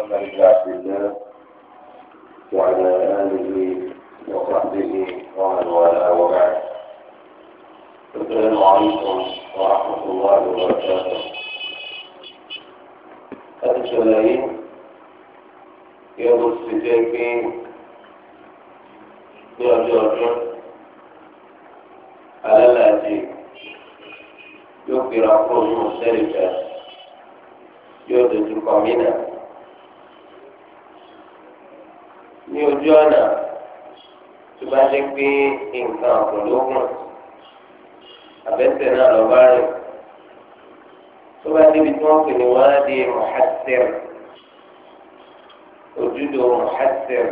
محمد بن عبد الله وعلى آله وصحبه ومن والاه وبعد السلام عليكم ورحمة الله وبركاته الجلالين يوم السجاكين يا جورجو على الأجيب يكبر أقوى المشتركة يوجد القمينة ní ojú ọ̀nà tó bá ṣe pé nǹkan ọ̀pọ̀lọpọ̀ abẹ́sẹ̀ náà lọ bá rìn tó bá débi tí wọ́n pè ní wọ́n á di muhassir ojúdo muhassir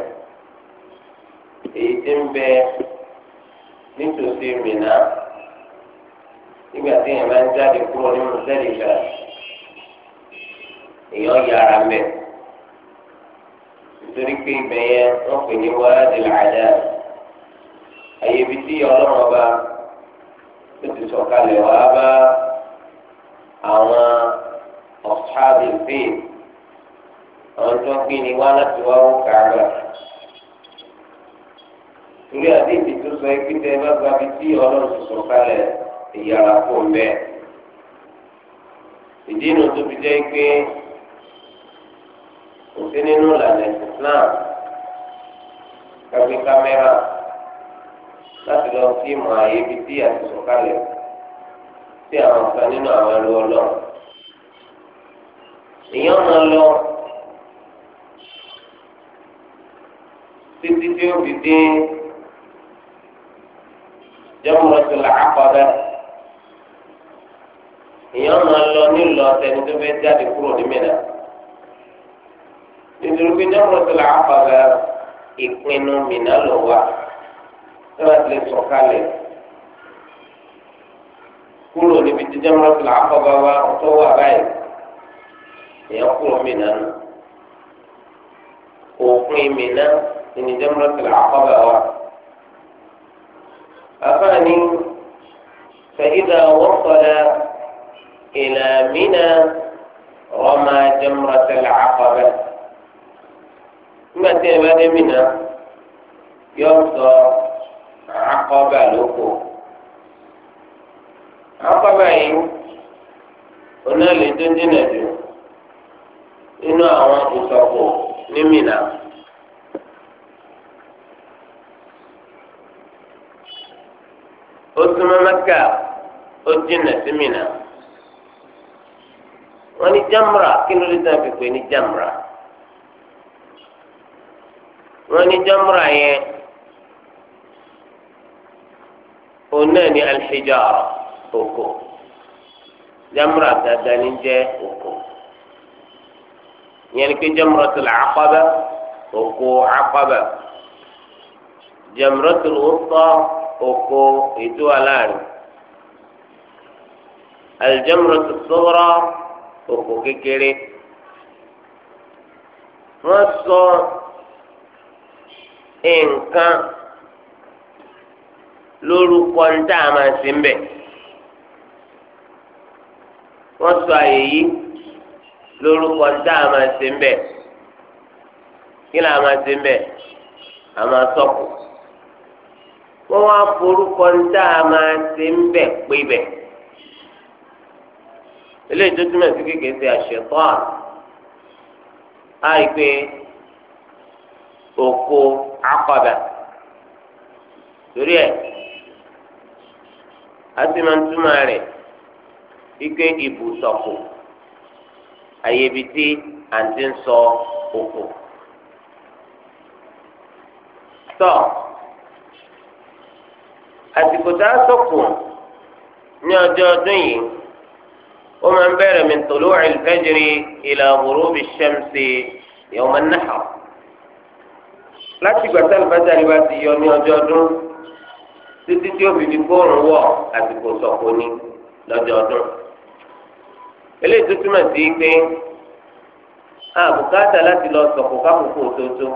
èyí tí ń bẹ nítòsí mìíràn nígbà tí èèyàn bá ń jáde kúrò ní mùsẹ́lì kan èèyàn yára mẹ́ta nítorí pé ibẹ̀ yẹn wọ́n pè ní wáàdì làdá àyè ibi tí ọlọ́run ọba tó ti sọ̀kalẹ̀ wá bá àwọn ọ̀ṣáàbì fèèf àwọn tó ń gbé ni wá láti wá wọ́n kàrà torí àdéhìí tó sọ pé tẹ bá gba ibi tí ọlọ́run ti sọ̀kalẹ̀ ìyàrá kò mbẹ́ ìdí inú tó fi jẹ́ pé kò sí nínú ìlànà ẹ̀sìn islam kagbe kámẹ́rà láti lọ sí ìmọ̀ ààyè ibi tí àti sọ̀kalẹ̀ sí àwọn kan nínú àwọn ẹrú ọlọ́run èèyàn máa lọ títí tí ó fi dé Jamratul Aqaba èèyàn máa lọ nílò ọ̀sẹ̀ ní tó fẹ́ jáde kúrò ní Mínà. ìdúrógbé jamratul aqaba ìpinnu mìíràn ló wà lọ́wọ́ ti lè sọ̀kalẹ̀ kúrò níbi tí jamratul aqaba wa tó wà báyìí èèyàn kúrò mìíràn nù òpin mìíràn ìní jamratul aqaba wa. afáàní fa'idha wasala ila Mina rama jamratul aqaba. nígbà tí ẹ bá dé yọ sọ Àkọ́bà lóko Àkọ́bà yìí oná lè tó dínà jù nínú àwọn ìsọkò ní Mínà. ó súnmọ́ Mẹ́kà ó dínà sí Mínà Jamra kí ló fi Jamra. wọ́n ní jamra yẹn òun náà ní alhijara òkò jamra dada ní jẹ́ òkò yẹn ni pé jamratul aqaba òkò aqaba jamratul wusta òkò ètò aláàrin aljamratul sughra òkò kékeré wọ́n sọ. So, nǹkan lórúkọ ń a máa sí mbẹ wọ́n sọ àyè yìí lórúkọ ń a máa sí mbẹ kí là máa sí mbẹ a máa sọkù wọ́n wá forúkọ ń a máa sí mbẹ pé bẹ eléyìí tó túmọ̀ sí kékeré ṣe àṣetọ́ à á oko akọbẹ torí ẹ asi máa ń túmọ̀ rẹ̀ ike ibùsọ̀kù àyèbí tí à ń ti ń sọ òkò tọ́ àsìkò tá a sọ̀kù ní ọjọ́ ọdún yìí ó máa ń bẹ̀rẹ̀ min tulu'il fajri ila ghurubi shamsi yawm an-nahr láti gbàtà àlùbájáde bá ti yọ ní ọjọ́ ọdún títí tí ó fi di kóòrùn wọ̀ àsìkò sọ̀kò ní lọ́jọ́ ọdún. eléyìí tó túmọ̀ sí pé àbùkátà láti lọ sọ̀kò kákòókò tótó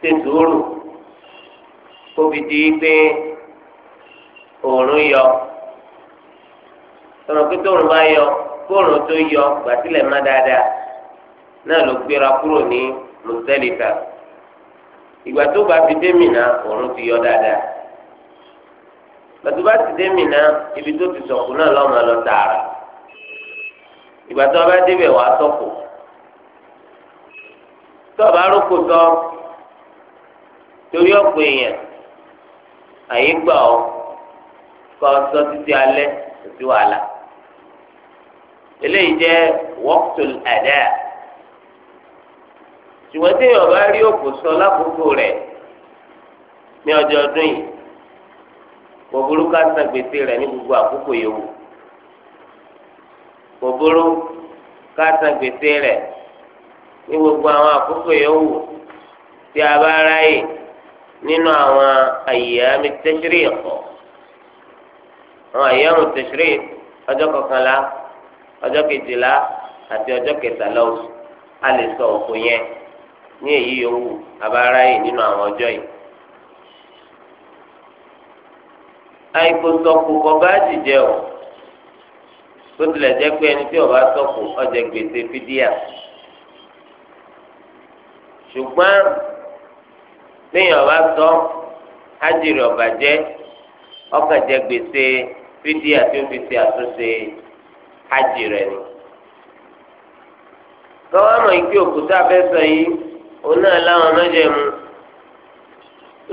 ṣe sùúrù kó fi di pé òòrùn yọ tọmọ pé tóòrùn bá yọ kóòrùn tó yọ gbàtílẹ̀ má dáadáa náà ló gbéra kúrò ní Muzdalifa ìgbà tó bá fi dé mìíràn òun ti yọ dáadáa ìgbà tó bá ti dé mìíràn ibi tó ti sọ̀kù náà lọ́mọ lọ tààrà ìgbà tó bá débẹ̀ wá sọ̀kù tó bá rókò tọ́ torí ọ̀pọ̀ èèyàn àyè gbà ọ́ kọ́ ọ sọ títí alẹ́ kò wàhálà eléyìí jẹ́ waqtul adaa ṣùgbọ́n tí èèyàn bá rí òkú sọ lákòókò rẹ̀ ní ọjọ́ ọdún yìí kò burú ká san gbèsè rẹ̀ ní gbogbo àkókò yòówù kò burú ká san gbèsè rẹ̀ ní gbogbo àwọn àkókò yòówù tí a bá ráyè nínú àwọn àyàmì tẹ́sírì ẹ̀kọ́ àwọn àyàmì tẹ́sírì ọjọ́ kọkànlá ọjọ́ kejìlá àti ọjọ́ kẹtàlá oṣù a lè sọ òkú yẹn ní èyí yòówù abára yìí nínú àwọn ọjọ́ yìí. àìkò sọ̀kù kọ bá jìjẹ o tó tilẹ̀ jẹ́ pé ẹni tí ó bá sọ̀kù ọjà gbèsè fídíà ṣùgbọ́n lẹ́yìn ó bá sọ ájìrì ó bàjẹ́ ọkàn jẹ gbèsè fídíà tí ó fi ṣe àtúnṣe ájìrì rẹ̀ ni. mọ̀ ike òkúta fẹ́ sọ yìí. òun náà láwọn mẹ́jẹ̀mú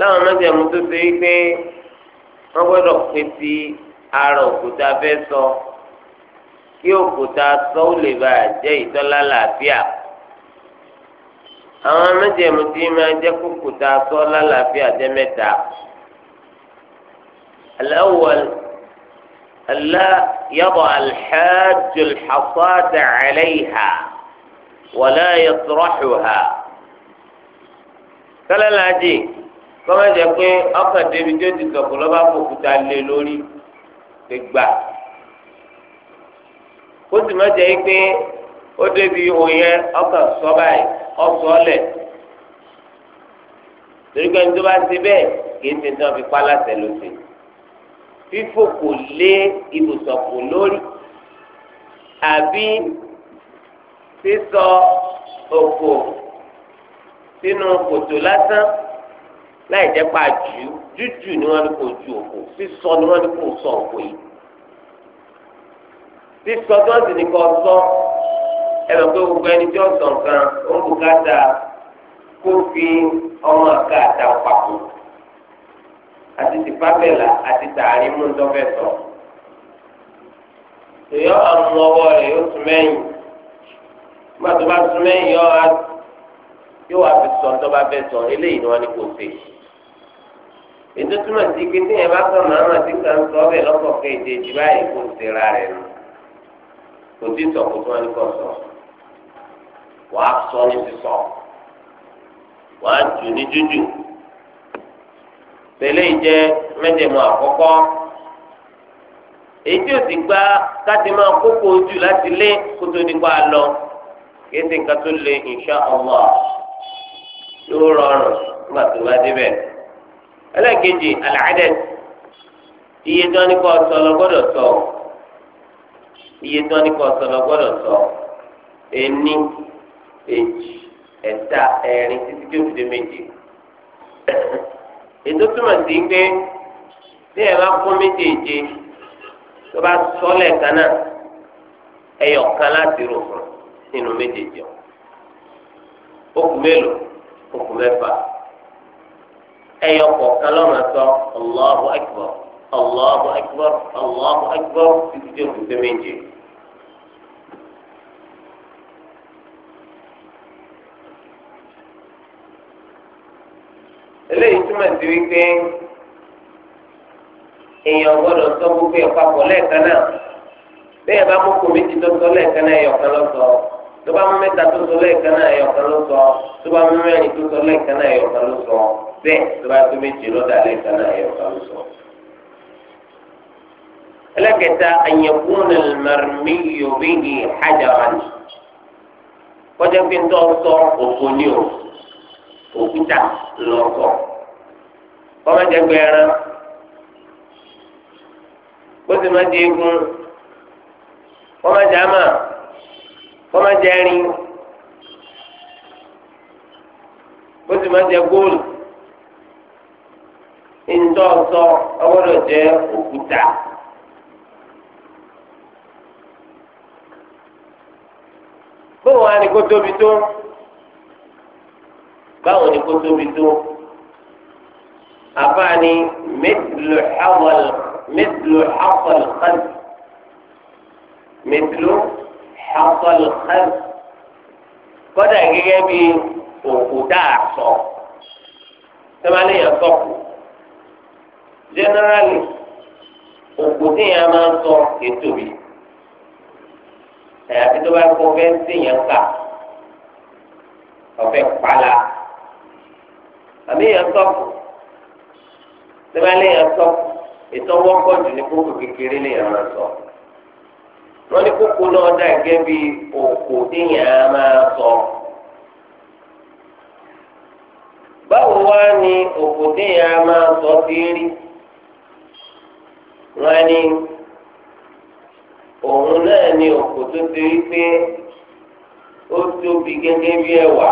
láwọn mẹ́jẹ̀mú tó ṣe é pé wọ́n gbọ́dọ̀ pé ti ara òkúta fẹ́ sọ kí òkúta sọ ó lè bá jẹ́ ìtọ́lá làáfíà àwọn mẹ́jẹ̀mú tí máa jẹ́ kó kókòtà sọ lálàáfíà jẹ́ mẹ́ta. ala الأول ألا يضع الحاج wala عليها ولا يطرحها tọ́lẹ́làjì kọ́mẹ́jẹ pé ọkàn débi tó ti sọ̀kù lọ́ba fòkúta lé lórí ti gbà kó sì má jẹ́ pé ó débi òyìn ọkàn sọ báyìí ọ̀sọ́ lẹ̀ torí pé nítorí bá ti bẹ́ẹ̀ kì í ti dán fi pa láṣẹ lóṣè fífò lé ibùsọ̀ lórí àbí sísọ òkò sínú kòtò lásán láì jẹ́ pa jù jújù ni wọ́n ní kò ju òkò sísọ ni wọ́n ní kò sọ òkò yìí sísọ tí wọ́n sì ní kò sọ ẹ lọ pé gbogbo ẹni tí wọ́n sọ nǹkan ó ń bùkátà kó fi ọmọ àká àtàwọn papọ̀ àti tìpábẹ́là àti tààrí mú ńdọ́fẹ́ sọ èyí ọ̀hún ọwọ́ rẹ̀ yóò tún mẹ́yìn gbàtọ́ tún mẹ́yìn yọ yóò wá fi sọ tọ́ba fẹ́ sọ eléyìí ni wọ́n ní kò ṣe. ètò túmọ̀ sí pé tí yẹn bá sọ màmá tí kà ń sọ ọbẹ̀ lọ́kọ̀ kéde jù báyìí kò ṣe ra rẹ̀ nù. kò tí sọ kó tí wọ́n ní kò sọ. wà á sọ ní ti sọ. wà á jù ní jújù. tẹ́lẹ̀ jẹ́ mẹ́jẹ̀mú àkọ́kọ́. èyí ò sì gbá káti máa kókó jù láti lé kótó nípa lọ kí ẹ ti ń ka tó lé insha Allah yóò rọrùn nígbà tó bá débẹ̀. ẹlẹ́ẹ̀kejì àlàádẹ́ iye tí wọ́n ní kọ́ sọ lọ gbọ́dọ̀ sọ iye tí wọ́n ní kọ́ sọ lọ gbọ́dọ̀ sọ ení èjì ẹ̀ta ẹ̀rin títí tí òfìdé méje. ètò túmọ̀ sí pé tí ẹ̀ bá kún méjèèje tó bá sọ́lẹ̀ kan náà ẹ̀yọ̀ kan láti rò fún nínú méjèèjì ó kù mélòó. okùn mẹ́fà ẹyọ kọ̀ọ̀kan lọ́nà sọ Allahu akbar Allahu akbar Allahu akbar títí tí òkùn sẹ́mi eléyìí túmọ̀ sí wípé èèyàn gbọ́dọ̀ sọ gbogbo ẹ̀ papọ̀ lẹ́ẹ̀kan náà bẹ́ẹ̀ bá mú kò méjì tó sọ lẹ́ẹ̀kan tó bá mú mẹ́ta tó sọ lẹ́ẹ̀kan náà ẹ̀yọ̀kan ló sọ tó bá mú mẹ́rin tó sọ lẹ́ẹ̀kan náà ẹ̀yọ̀kan ló sọ bẹ́ẹ̀ tó bá tó méje lọ́dà lẹ́ẹ̀kan náà ẹ̀yọ̀kan ló sọ. ẹlẹ́kẹta àyẹ̀kún mẹ́rìnmí yòbí ni hajara kọjá pé ńtọ́ sọ òkú ni o òkúta lọ́sọ̀ kọ́mẹ́jẹgbẹ́ ẹran kó sì má di egun kọ́mẹ́jẹ́ àmà kọ́má jẹ ẹrin ó sì má jẹ góòlù ìtọ́sọ ọgbọ́dọ̀ jẹ òkúta. bóun á ní kó tóbi tó báwọn ní kó tóbi tó àfààní mẹtìlú àwọn mẹtìlú àwọn kan mẹtìlú àtọ̀lù ẹ̀rù kọ́dà gẹ́gẹ́ bí òkúta àtọ̀ sẹ́wọ́n yẹn sọ̀kù generally òkúta yẹn máa ń sọ ètò yìí àyàfi tó bá kó fẹ́ sèyàn kà ọ̀fẹ́ kpala àmì yẹn sọ̀kù sẹ́wọ́n yẹn sọ̀kù ètò wọ́pọ̀ jù ní kókò kékeré lè yẹn máa sọ̀kù. wọ́n ní kókó náà dà gẹ́gẹ́ bí òkò téèyàn á máa sọ. báwo wá ni òkò téèyàn á máa sọ sí rí wọ́n ní òun náà ni òkò tó ti rí pé ó tóbi gẹ́gẹ́ bí ẹ̀wà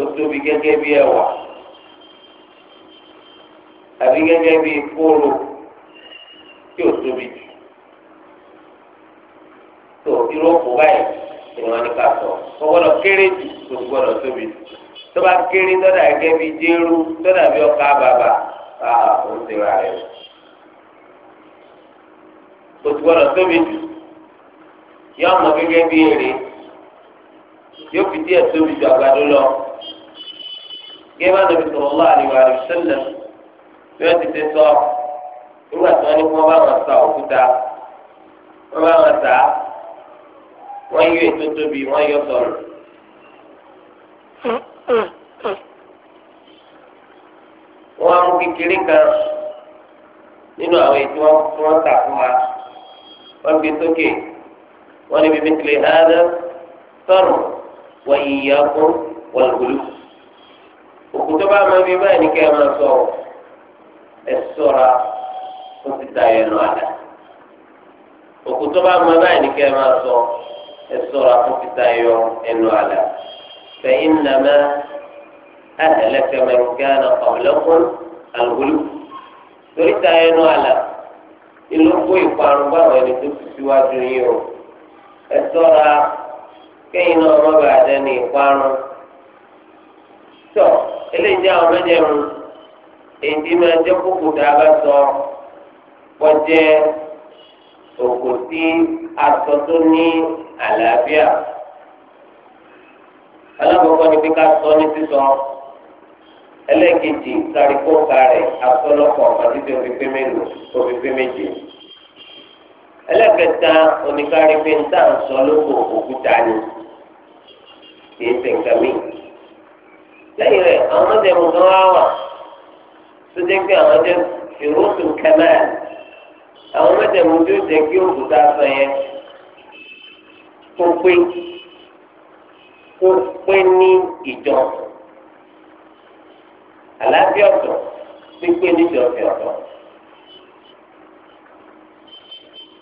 ó tóbi gẹ́gẹ́ bí ẹ̀wà tóbi jù. tó irú òkú báyìí ni wọ́n ní ká sọ wọ́n gbọ́dọ̀ kéré jù tó gbọ́dọ̀ tóbi tó bá kéré tọ́dà gẹ́gẹ́ bí jérú tọ́dà bí ọkà bàbà ká òun ti rà rẹ̀ tó gbọ́dọ̀ tóbi jù yọ ọmọ gẹ́gẹ́ bí èrè yóò fi díẹ̀ tóbi jù àgbàdo lọ gẹ́gẹ́ bá nàbì sallallahu alaihi wasallam bí wọ́n ti ti sọ nígbà tí wọ́n ní kí wọ́n bá wọn sa òkúta wọ́n bá wọn sa wọ́n yọ ètò tóbi wọ́n yọ sọ̀rọ̀. wọ́n á mú kékeré kan nínú àwọn ètò tí wọ́n tà fún wa wọ́n gbé sókè wọ́n ní bíbí tilẹ̀ hádà sọ̀rọ̀ wọ́n yíyá fún wọ́n gbólú. òkú bá máa bí báyìí ní kẹ́ ẹ máa sọ ẹ sọ̀ra fún títa ẹ̀ nù àdá. bá máa báyìí ní kẹ́ ẹ máa sọ ẹsọra fún títa yọ ẹnu àlà fẹyìn nàmá ahẹlẹkẹmẹkánà ọlọkùn àlùwòlù torí على ẹnu àlà ìlú kó ìparun báwọn ẹni tó ti síwájú yín o ẹsọra kẹyìn náà ọmọ bàdẹ ní ìparun tọ eléyìí jẹ àwọn mẹjẹrun èyí máa jẹ kókò tá a bá sọ kọjẹ òkú sí aṣọ tó ní àlàáfíà alákọ̀ọ́kọ́ ni pé ká sọ ní sísọ ẹlẹ́ẹ̀kejì kárí kóńkà rẹ̀ asọ́lọ́pọ̀ àti tí omi pé mélòó omi pé méje ẹlẹ́ẹ̀kẹta oníkárí pé ń tà ń sọ lóko òkúta ni kì í ṣe nǹkan mí lẹ́yìn rẹ̀ àwọn ọmọdé mu gan wá wà tó dé pé àwọn ọmọdé ìrótù kẹmẹ́ẹ̀lì àwọn mẹ́tẹ̀ẹ̀mú tí ó jẹ́ kí oògùn tá a sọ yẹn tó pé tó pé ní ìjọ àlàáfíà ọ̀tọ̀ pípé níjọ ọ̀fẹ́ ọ̀tọ̀.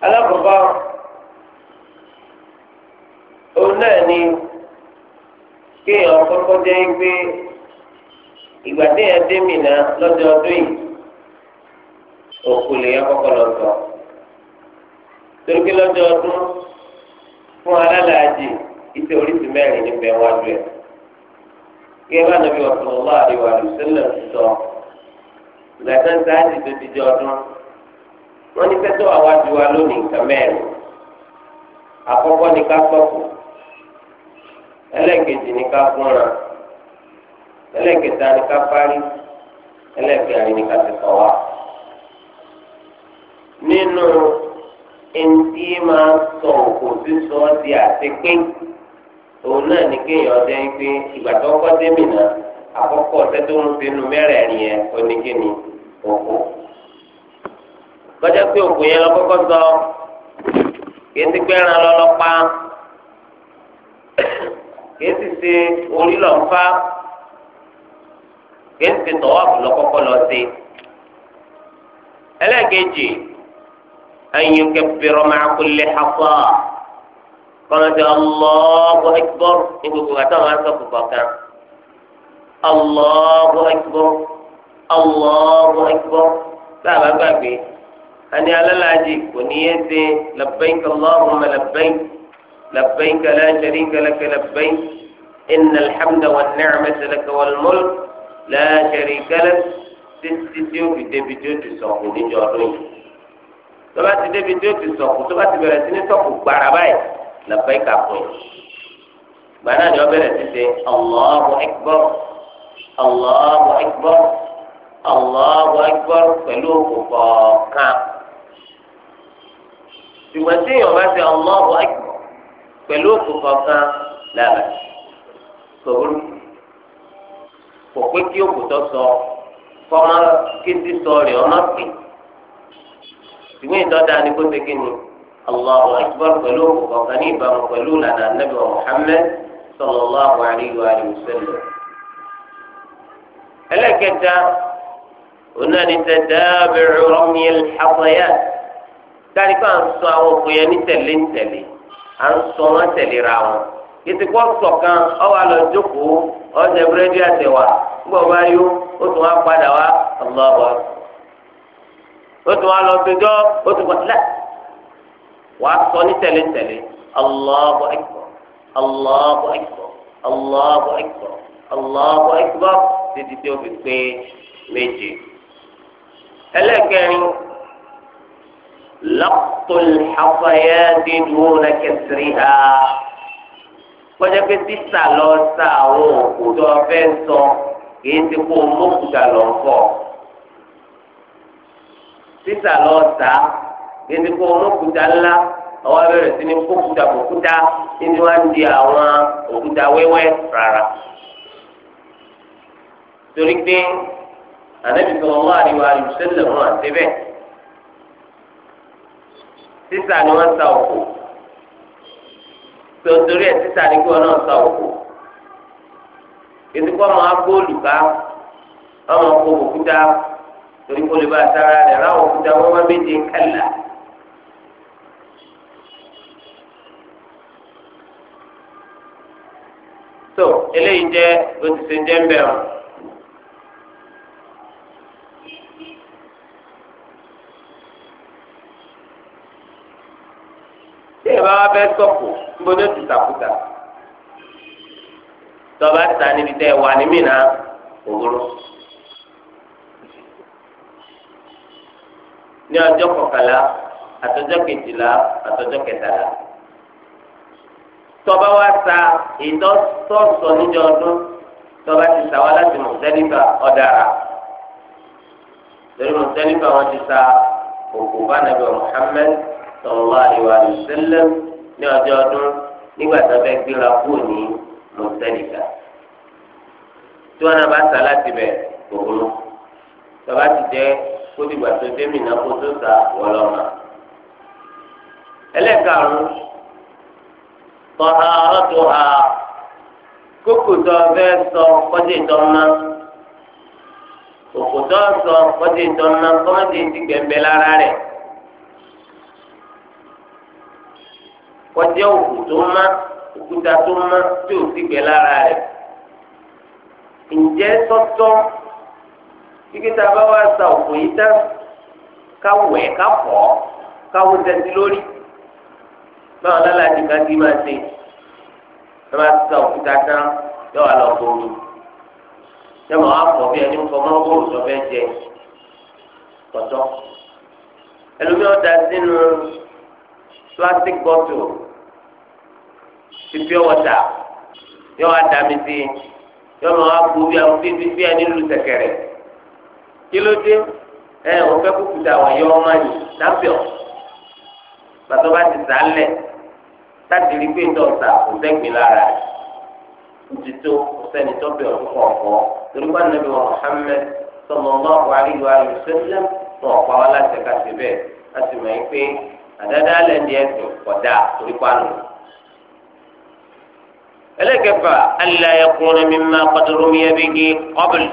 alákọ̀ọ́bá òun náà ni kéèyàn kọ́kọ́ jẹ́ pé ìgbà téèyàn dé mìíràn lọ́jọ́ ọdún yìí. òkú lè yẹn kọ́kọ́ lọ sọ. ọdún fún alálàájì iṣẹ́ oríṣi mẹ́rin níbẹ̀ wájú ẹ̀. gẹ́gẹ́ bá nàbí ọ̀sánlọ́wọ́ àdìwà àdùsílẹ̀ sọ ìgbàdàn tó ti jẹ ọdún wọ́n ní fẹ́tọ́ àwájú wa lónìí nǹkan mẹ́rin. àkọ́kọ́ ni ká sọ́kù ẹlẹ́ẹ̀kejì ni ká gúnra ẹlẹ́ẹ̀kẹta ni ká parí ẹlẹ́ẹ̀kẹrin ni ká nínú ẹntì máa sọ òkò sísọ di àtẹpé òun náà ní kéèyàn jẹ́ pé ìgbà tó kọ́ démìnà àkọ́kọ́ ọ̀sẹ̀ tó ń sinú mẹ́rẹ̀ẹ̀rin yẹn oníkéni òkú. pé yẹn lọ kọ́kọ́ sọ lọ́lọ́pá ṣe orí tọ́wọ́ àbùlọ́kọ́kọ́ lọ sí. ẹlẹ́ẹ̀kejì. أن يكبر مع كل حصى قالت الله أكبر يقول أتوا أنت الله أكبر الله أكبر لا ما باقي أنا على العجيب ونيتي لبيك اللهم لبيك لبيك لا شريك لك لبيك إن الحمد والنعمة لك والملك لا شريك لك تستيو بدي بجوج صاحبي جارين tọ́ba ti débi tí ó ti sọ̀kù tọ́ba ti bẹ̀rẹ̀ sí ní sọ̀kù gbàrà báyìí lọ́pẹ́ ìkàkùn yìí gbàrà ni wọ́n bẹ̀rẹ̀ sí ṣe Allahu Akbar Allahu Akbar Allahu Akbar pẹ̀lú òkú kọ̀ọ̀kan ṣùgbọ́n tí èèyàn bá ṣe Allahu Akbar pẹ̀lú òkú kọ̀ọ̀kan lára sọ̀rọ̀ kò pé kí òkú sọ ṣùgbọ́n ìtọ́jà ni kó ṣe kí ni allahu akbar pẹ̀lú ọ̀kan ní ìbámu pẹ̀lú lànà anabi wa muhammed sallallahu alayhi wa sallam. ẹlẹ́kẹta onáni tadabi'u rami al-hatayat dárí kó à ń sọ àwọn òkú yẹn ní tẹ̀lé ní tẹ̀lé à ń sọ wọn tẹ̀lé ra wọn ìtìkọ́ sọ̀kan ọwọ́ àlọ́ jókòó ọ̀sẹ̀ búrẹ́dì àtẹ̀wà gbọ́ bá yó ó tún wá padà wá ọlọ́wọ́ ó tún wá lọ gbẹjọ́ ó tún bọ̀ sílẹ̀ wàá sọ ní tẹ̀léńtẹ̀lé Allahu akbar Allahu akbar Allahu akbar Allahu akbar títí tí ó fi pé méje ẹlẹ́kẹrin lọ́kùtùn àfọyẹ́ dídùn náà kẹsìrì ha kọjá pé sísà lọ sa àwọn òkú tó o fẹ́ sọ kì í ti kó o mọ́kùtà lọ́kọ̀ọ́ títà lọ tà á gẹ́gẹ́ kó olókùúta ńlá ọwọ́ abẹ́rẹ́ sí ni kókùúta kókùúta nínú wá ń di àwọn òkúta wẹ́wẹ́ rárá. torí pé ànábì sallallahu alaihi wa sallam wọn àti bẹ́ẹ̀ títà ni wọ́n ta òkú tontori ẹ̀ títà ni kí wọ́n náà ta òkú gẹ́gẹ́ kó ọmọ agbóòlù ká ọmọ kó òkúta torí kò lè bá sára rẹ̀ ráwọ̀ òkúta wọ́n wá méje kálá. tó eléyìí jẹ́ òtítì jẹ́ńbẹ̀ ọ́. tí ìbá wa fẹ́ sọ̀kò níbo ni ó ti sàkúta tọ́ba ta níbi tẹ́ wà ní mìíràn òwúrọ̀. ní ọjọ́ kọkànlá àtọjọ́ kejìlá àtọjọ́ kẹtàlá tọba wa sa ìtọ́sọ̀sọ̀ níjọ ọdún tọba ti sa wa láti mọ̀tẹ́lifà ọ̀dàrà lórí mọ̀tẹ́lifà wọn ti sa òkú bánabẹ́ Muhammad sallallahu alaihi wasallam ní ọjọ́ ọdún nígbà tó fẹ́ gbéra kúrò ní mọ̀tẹ́lifà tí wọn náà bá sa láti bẹ̀ òkú tọba ti jẹ́ kó dìgbà tó dé mìíràn kó tó ta wọlọ́mà. ẹlẹ́karùn-ún tọ́ha ọ̀tọ̀ha kókòtò ọ̀fẹ́ sọ kọ́jà ìtọ́nà sọ kọ́jà ìtọ́nà kọ́mọ́tì ti gbẹ̀mbẹ̀ lára rẹ kọjá òkú tó má òkúta tó má tí kíkí tá a bá wá sa òkú yìí tán káwẹ̀ kápọ̀ káwọ́ tẹ̀sí lórí báwọn lálàájì kan ti máa ṣe ẹ máa sa òkú tá a tán yọ wà lọ bòrò sẹ́wọ̀n á pọ̀ bí ẹni ń fọ mọ́ bòrò tó fẹ́ jẹ pọ̀tọ́ ẹlòmíràn da sínú plastic bottle ti pure water yọ wá dàmí sí yọ máa gbó bí ẹni lu sẹ̀kẹ̀rẹ̀. kí ló dé ẹ wọn fẹ́ kúkú dà wọn yọ ọmọ yìí lábẹọ pàtó bá ti sá lẹ láti rí pé dọ̀tà kò sẹ́gbìn lára rẹ̀ òtítọ́ sẹ́ni tó bẹ̀rù kọ̀ọ̀kọ́ torí wọn nàbí wọn Muhammad sallallahu alaihi wa sallam wọn ọ̀pá wa láti ẹ̀ka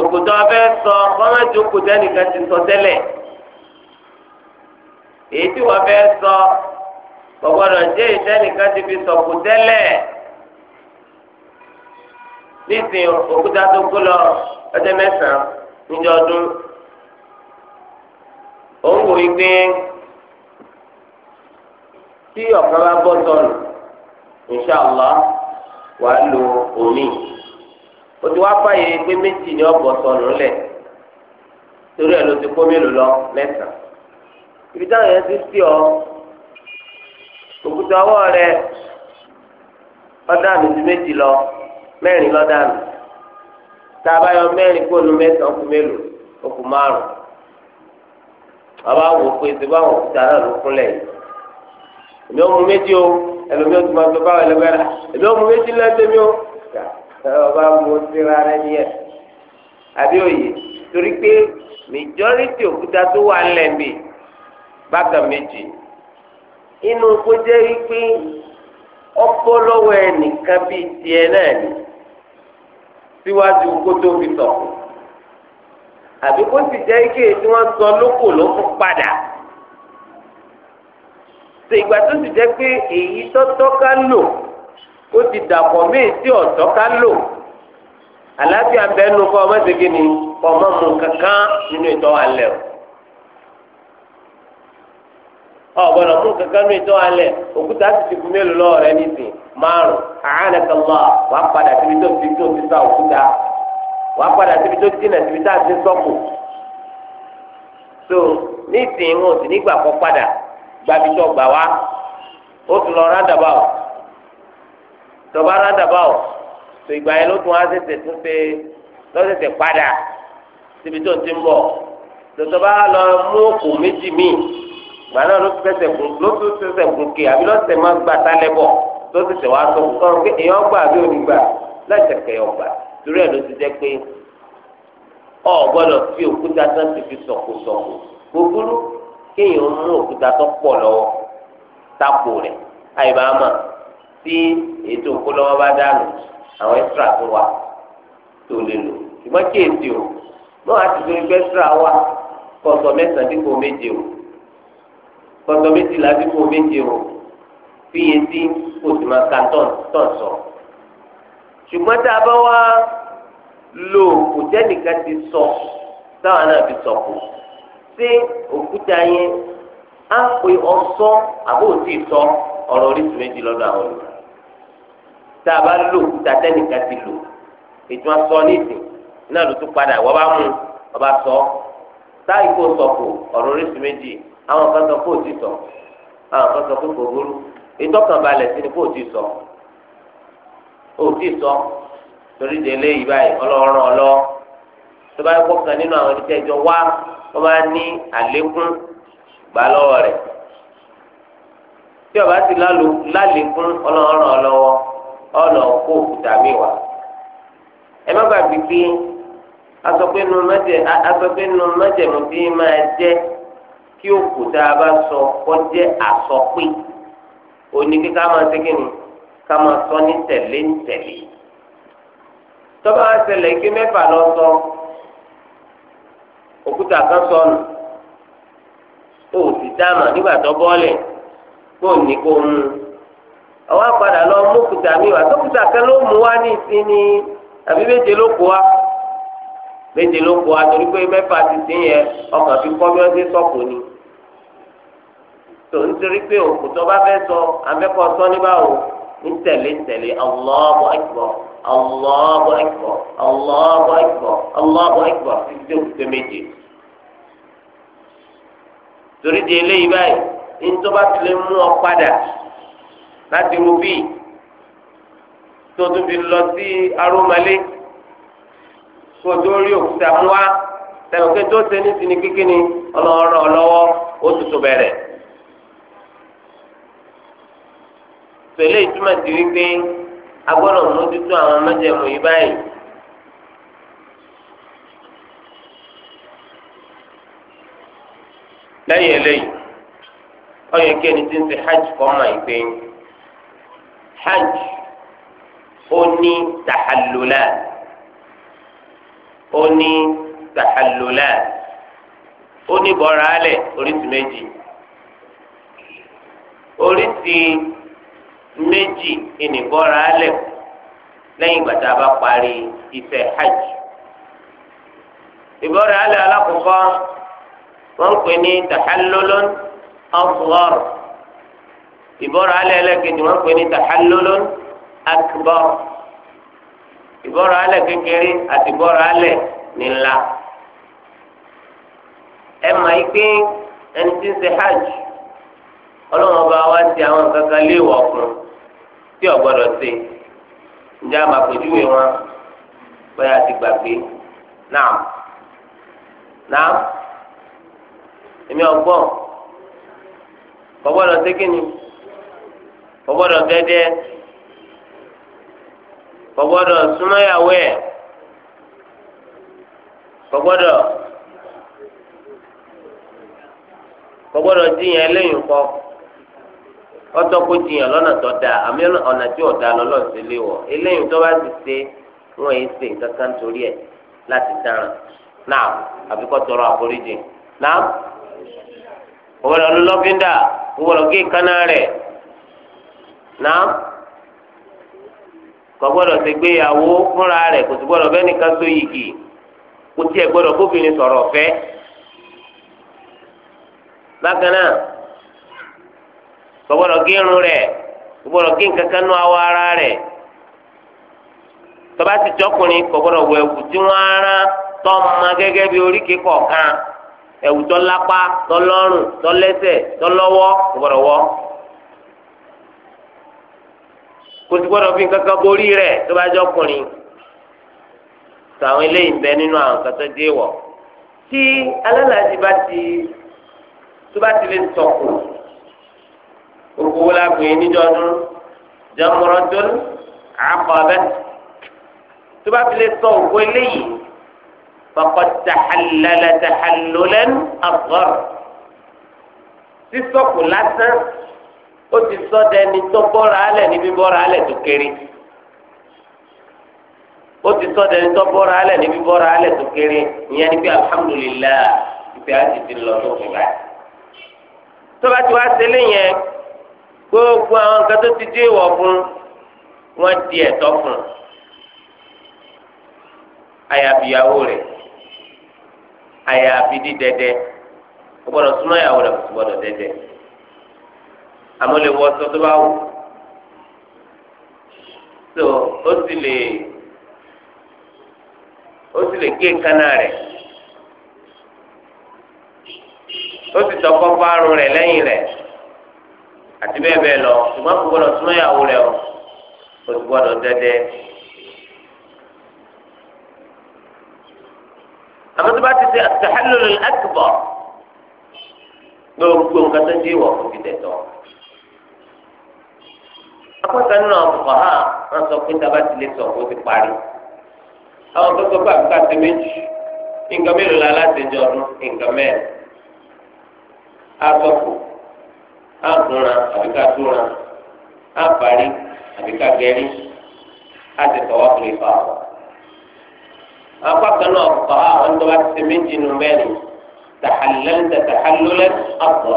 òkùtọ́ fẹ́ sọ kọ́mẹ́tì òkùtọ́ nìkan ti sọ tẹ́lẹ̀ èyí tí wọ́n fẹ́ sọ gbọ́dọ̀ jẹ́ ìtẹ́nìkan ti fi sọ̀kù tẹ́lẹ̀ nísìnyí òkúta tó kú lọ ọjọ́ mẹ́sàn-án níjọ ọdún òun wò yí pé tí ọ̀kan bá bọ́ sọnù inṣàlá wàá lo omi o ti wá fàyè pé méjì ni ọbọ sọnù lẹ̀ torí ẹ̀ ló ti kó mélòó lọ mẹ́ta ibi táwọn yẹn ti sí ọ òkúta ọwọ́ rẹ ọdá mi ti méjì lọ mẹ́rin lọdá mi tá a bá yọ mẹ́rin kó nu mẹ́ta ọkùn mélòó ọkùn márùn bàbá wò pé ti bá wọn òkúta náà ló kúnlẹ̀ yìí èmi ò mú méjì o ẹlòmíì ó máa fi báwọn ẹlẹgbẹ́ èmi ò méjì lẹ́sẹ̀ mi o ọba mo síra rẹ yẹ àbí òye torí pé majority òkúta tó wà ńlẹ̀ mi bákan méjì inú kó jẹ́ wípé ọpọlọwọ ẹnìkan bíi tiẹ̀ náà ni síwájú kó tó fi sọ̀kù àbí kó sì jẹ́ ike tí wọ́n sọ lóko ló fún padà ṣègbà tó sì jẹ́ pé èyí tọ́tọ́ ká lò ó ti dàpọ̀ míì tí ọ̀tọ́ ká lò àlàáfíà bẹ́ẹ̀ nu kọ́ ọmọ ṣèké ni kọ́ ọmọ mu kankan nínú ìtọ́ alẹ́ o ọ̀gbọ́dọ̀ mú kankan nínú ìtọ́ alẹ́ òkúta ti ti kú mélòó lọ́wọ́ rẹ nísìn márùn àánẹ kàlá wà á padà síbi tó ti tó ti sá òkúta wà padà síbi tó ti nà síbi tá a ti sọ́kù so nísìn wọn ò sì nígbà kọ́ padà gbàbí tó gbà wá ó tún lọ rádàbà o tọba rádàbà ọ tó ìgbà yẹn ló tún á tètè tún pé lọ́sẹ̀sẹ̀ padà síbi tó ti ń bọ̀ tọba lọ mú òkú méjì míì gbà náà ló tẹsẹ̀ kún ló tún tẹsẹ̀ kún ké àbí lọ́sẹ̀ máa gbà sálẹ̀ bọ̀ tó tẹsẹ̀ wá sọ fún ọ pé èèyàn gbà àbí òní gbà láìsẹ̀ kẹyọ̀ gbà torí ẹ̀ ló ti jẹ́ pé ọ gbọ́dọ̀ fi òkúta tán ti fi sọ̀kò sọ̀kò gbogbo kéèyàn mú òkúta tó pọ̀ lọ́wọ́ tápò rẹ̀ àyè bá máa tí ètò òkúlọ́wọ́ bá dànù àwọn extra tó wà tó lè lò ṣùgbọ́n kí èsì o náà àti torí pé extra wà kọ̀ọ̀tọ̀ mẹ́sàn-án dípò méje o kọ̀ọ̀tọ̀ méjìlá dípò méje o fíye sí kò sì máa ka tọ̀n sọ. ṣùgbọ́n tá a bá wá lò kò jẹ́ nìkan ti sọ táwọn náà fi sọ kù ṣé òkúta yẹn á pe ọsọ àbóòtì sọ ọ̀rọ̀ oríṣi méjì lọ́dọ̀ àwọn olùkọ́ tá a bá lò kúta tẹ́nìkan ti lò ètò asọ nídìí náà ló tún padà wọ́n bá mú wọ́n bá sọ táyì kò sọ̀kò ọ̀rọ̀ oríṣi méjì àwọn kan sọ kó o ti sọ àwọn kan sọ pé kò burú sí ni kó o ti sọ o ti sọ torí délé yìí báyìí ọlọ́run ọlọ́ tó bá kọ́ kan nínú àwọn oníṣẹ́jọ wá wọ́n bá ní àlékún gbà lọ́wọ́ rẹ̀ tí o ti lálẹ́kún ọlọ́run ọlọ́wọ́ ọlọ kó òkúta mi wá ẹ má gbàgbé pé asọpẹnu mẹjẹ asọpẹnu mẹjẹmú tí máa jẹ kí òkúta bá sọ kó jẹ àsọpé òní kí ká máa segin ni ká máa sọ ní tẹ̀lé ní tẹ̀lé tọ́ba ṣẹlẹ̀ ike mẹ́fà lọ sọ òkúta kan sọnù o sì dáná nígbà tó bọ́ọ̀lẹ̀ kó ní kó mú un àwọn àpàdà lọ mú kùtà mi wá tó kùtà kan ló mú wá ní ìsinmi àbí méje ló kó wa méje ló kó wa torí pé mẹ́fà ti sìn yẹn ọkàn fi kọ́ bí wọ́n ti sọ̀kò ni tó nítorí pé òkú tó bá fẹ́ sọ abẹ́kọ̀ sọ níbàwò ní tẹ̀lé tẹ̀lé Allahu Akbar Allahu Akbar Allahu Akbar Allahu Akbar títí tó kùtà méje torí di eléyìí báyìí láti rubí tó tún fi lọ sí arúmalé kó tó rí òkúta mú tẹ̀wọ́n tó ṣe ní sinmi kíkíni ọlọ́ọ̀rọ̀ ọlọ́wọ́ ó tutù bẹ̀rẹ̀. pẹ̀lú ìtumọ̀ wípé a gbọ́dọ̀ mójútó àwọn mẹ́jẹ̀mú yìí báyìí. lẹ́yìn eléyìí hajj kọ́ mọ̀ hajj ó ní tàhálùlá ó ní tàhálùlá ó ní bọ́ra alẹ̀ oríṣi méjì oríṣi méjì ìnìbọ́ra alẹ̀ lẹ́yìn ìgbà tá a bá parí iṣẹ́ hajj ìbọ́ra alẹ̀ alákọ̀ọ́kọ́ wọ́n ń pè ní ìbọ̀rọ̀ alẹ́ ẹlẹ́kejì wọ́n pè ní tahallulun akbar ìbọ̀rọ̀ alẹ́ kékeré àti ìbọ̀rọ̀ alẹ́ nílá ẹ ẹni tí ń ṣe hajj ọlọ́run bá wá ti àwọn kankan léèwọ̀ fún tí ò gbọ́dọ̀ ṣe ǹjẹ́ wọn ti gbàgbé náà náà èmi kò gbọ́dọ̀ dẹ́dẹ́ kò gbọ́dọ̀ súnmọ́yàwó ẹ̀ kò gbọ́dọ̀ kò gbọ́dọ̀ jiyàn lẹ́yìn kọ ọtọ kó jiyàn lọ́nà tó da àmì ọ̀nà tí ò da lọ́lọ́ sí lé wọ̀ eléyìí tó bá ti ṣe wọn yìí ṣe nǹkan kan torí ẹ̀ láti dáràn náà àbí kó tọrọ àforíjì náà kò gbọ́dọ̀ lọ́lọ́fíńdà kò gbọ́dọ̀ gé kaná rẹ̀. Na kò gbọ́dọ̀ ṣe gbéyàwó fúnra rẹ kò sì gbọ́dọ̀ bẹni nìkan so yìgì kò tiẹ̀ gbọ́dọ̀ kóbìnrin sọ̀rọ̀ fẹ́ bákan náà kò gbọ́dọ̀ gé kò awọ ara ti jọkùnrin ara tọ ma bí oríkèé ha. Ewu tọ lápá tọ lọ́rùn kò sì gbọ́dọ̀ fi nǹkan kan borí rẹ̀ tó bá jọ kùnrin tàwọn eléyìí ń bẹ nínú àwọn nǹkan tó dé wọ̀ tí alálàájì bá ti tó bá ti lè tọkù gbogbo wo la gbé níjọ ọdún àkọọbẹ tó bá ti lè tọ òkú eléyìí faqad tahallala tahallulan asghar sísọkù lásán ó ti sọ́dọ̀ ẹni tó bọ́ra alẹ̀ níbi bọ́ra alẹ̀ tó kéré ó ti sọ́dọ̀ ẹni tó bọ́ra alẹ̀ níbi bọ́ra alẹ̀ tó kéré ìyẹn ni pé alihamudulilayi ìpè á ti ti lọ lókè báyìí tó bá ti wá ṣẹlẹ̀ yẹn gbogbo àwọn nǹkan tó ti dé ìwọ̀ fún wọn di ẹ̀tọ́ fún àyàfìyàwó rẹ̀ àyàfi dídẹ́dẹ́ ó gbọ́dọ̀ súnmọ́ ìyàwó rẹ̀ kò sì gbọ́dọ̀ dẹ́dẹ́ àmọ́ lè wọ ọsọ tó bá wù so ó sì lè ó sì lè gé nǹkanna rẹ̀ ó sì tọkọ fáàrù rẹ̀ lẹ́yìn rẹ̀ àti bẹ́ẹ̀ bẹ́ẹ̀ lọ ṣùgbọ́n kò gbọdọ̀ súnmọ́ ìyàwó rẹ̀ o kò sì gbọdọ̀ dẹ́dẹ́. àmọ́ bá ti ṣe at-tahallul gbogbo nǹkan tó dé wọ̀ fún ti akọ́ta nínú àwọn ọkọ̀ hàn wọ́n sọ pé tábà ti lè sọ kó ti parí àwọn tó sọ pé àbúkà ti méjì nǹkan mélòó la láti jọ ọdún nǹkan mẹ́rin asọ́kù àgùnràn àbíká túnràn àparí àbíká gẹ̀rí àti tọ́wọ́ kiri fà wọ́n. akọ́ta náà ọkọ̀ hàn bá ti méjì nù mẹ́rin tàhálẹ́ńtà tàhálólẹ́ ọ̀pọ̀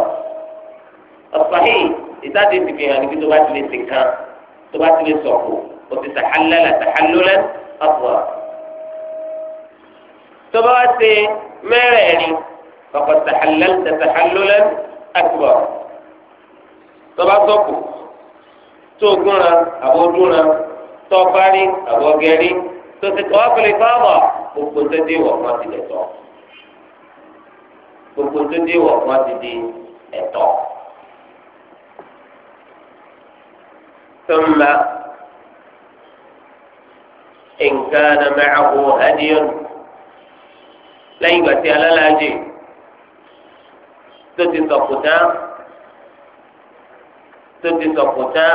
ọ̀pọ̀ yìí ìtàdé ti fi hàn níbi tó bá ti lè ti kan tó bá ti lè sọ̀kò o ti sàhálàlà sàhálólẹ̀ ọ̀pọ̀. tó bá wá ṣe mẹ́rẹ̀ẹ̀rin ọ̀pọ̀ sàhálàlà sàhálólẹ̀ ọ̀pọ̀. tó bá sọ̀kò tó gúnra àbò dúnra tó parí àbò gẹ̀rí tó ti kọ́ ọ́pẹ̀lẹ̀ fáwọ̀ gbogbo tó dé wọ̀ wọ́n ti lè gbogbo tó dé wọ̀ wọ́n ti di ثم إن كان معه هدي لا يبتي على الهدي تتي سقطا تتي سقطا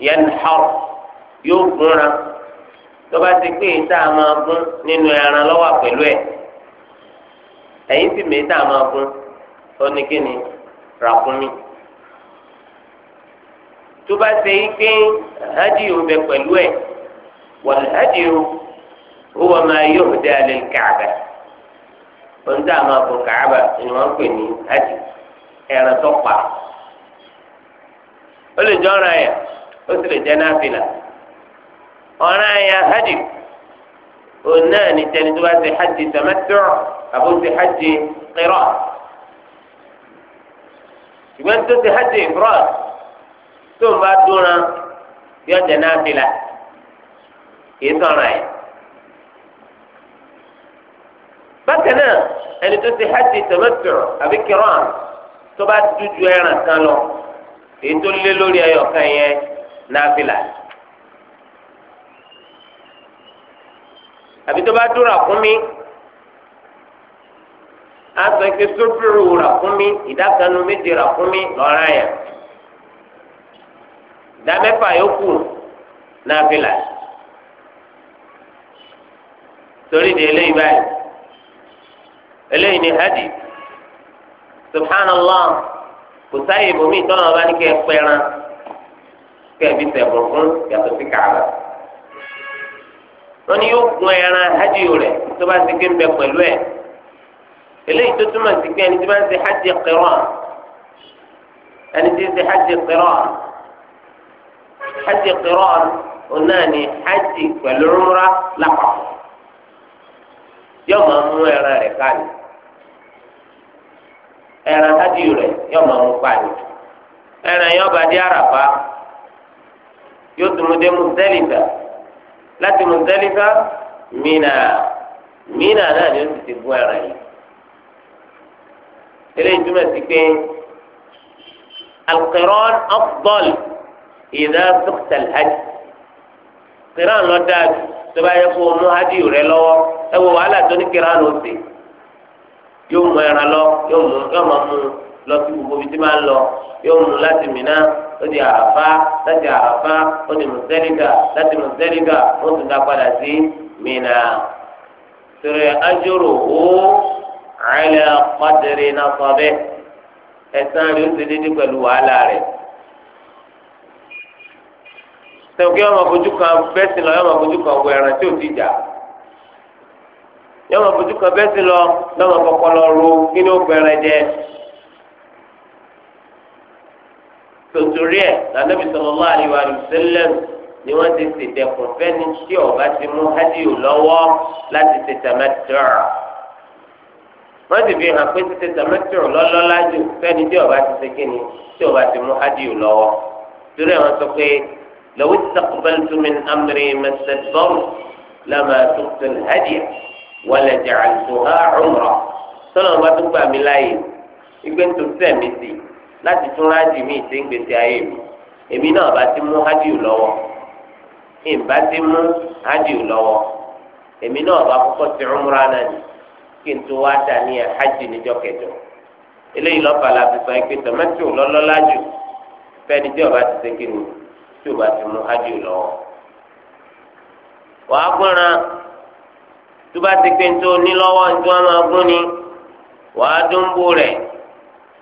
ينحر يغنى tó bá ti pé ìta máa gún nínú ẹran lọ́wọ́ pẹ̀lú ẹ̀ ẹ̀yìn sì mí tó bá ṣe yí pé hadiyu bẹ pẹ̀lú ẹ̀ wal hadiyu huwa ma yuhda lil Ka'ba ohun tá a máa fọ Ka'ba ni wọ́n ń pè ní hadi ẹran tó lè jẹ́ náfìlà ọ̀ràn yẹn hadiyu òun náà ni tẹni tó je nafila oran ya hadi oun ṣe hadi tamattu àbó ṣe hadi qira ìgbẹ́ni tó ṣe hadi tó ń bá dúnra bí ọjà náà ti la kìí sọ̀rọ̀ ẹ̀. bákan náà ẹni tó ti hajj tamattu àbí kiran tó bá dúdú ẹran kan lọ èyí tó lé lórí ẹyọ kan yẹn náà ti la. àbí tó bá dúnra fún mi a sọ sóbìrì rà fún mi ìdákanu méje rà fún mi lọ́ra yẹn. ìdá mẹ́fà yòókù náà fi là torí di eléyìí báyìí eléyìí ni hadi subhanallah kò sáyè ibòmí ìtọ́nà ọba ní kẹ́ ẹ pẹ́ran kẹ́ ẹ fi sẹ̀bùn fún yàtọ̀ sí kàrà wọ́n ní yóò gun ẹran hadi rẹ̀ tó bá ti ké ń bẹ pẹ̀lú ẹ̀ eléyìí tó túmọ̀ sí ẹni bá hajj qiran òun náà ni hajj pẹ̀lú rúra lápapọ̀ yóò máa mú ẹran rẹ̀ káàdì ẹran hajj rẹ̀ yóò máa mú káàdì ẹran yóò bá dé àràfá yóò tún mú dé Muzdalifa láti Muzdalifa Mina Mina náà ni ó ti ti gún ẹran yìí eléyìí túmọ̀ sí pé al-qiran ìdá sọ́kítàl hajj kíran lọ dáa tó bá yẹ kó o mú hajj rẹ ẹ wo wàhálà tó lọ yóò mú lọ sí gbogbo máa ń lọ yóò mú láti mìíràn ó di láti ó di láti ó tún dá padà sí mìíràn tẹ̀rẹ̀ ajoro náà sọ bẹ́ẹ̀ ẹ̀sán rẹ̀ ó ti dídí pẹ̀lú sẹ́wọ́n kí wọ́n máa fojú kan bẹ́sìn lọ yọ́n máa fojú kan wọ ẹran tí ò ti jà yọ́n máa fojú kan bẹ́sìn lọ yọ́n máa kọ́kọ́ lọ ro kí ni ó bẹ̀rẹ̀ jẹ. tòtòrí ẹ̀ lànàbí sallallahu alaihi wa sallam ni wọ́n ti ṣèdẹ̀kùn fẹ́ni tí ọba ti mú hádìó lọ́wọ́ láti ṣe tàmátìrà wọ́n ti fi hàn pé ti ṣe tàmátìrà lọ́lọ́lájú fẹ́ni tí ọba ti ṣe kíni tí ọba ti mú hádìó lọ́wọ́ torí wọ́n sọ pé لو استقبلت من أمري ما استدبرت لما تقت الهدي ولجعلتها عمرة tọ́lọ́mù bá tún gbà mí láàyè gbígbé ń tún sẹ́mi sí láti tún rájì mí ìṣe ń gbèsè ayé mi èmi náà bá ti mú hádìú lọ́wọ́ ìbá ti mú hádìú lọ́wọ́ èmi náà bá kọ́kọ́ ti rúmúra náà ni kí n tún wá dà ní hajj níjọ́ kẹjọ eléyìí lọ́ba la fi sọ pé tọ́mẹ́tì ò lọ́lọ́lá jù fẹ́ni tí ọba ti ṣe kí ni tí o bá ti mú hajj lọ. wàá gbọ́nran tó bá ti pé tó ní lọ́wọ́ tí wọ́n máa gún ni wàá dúnbò rẹ̀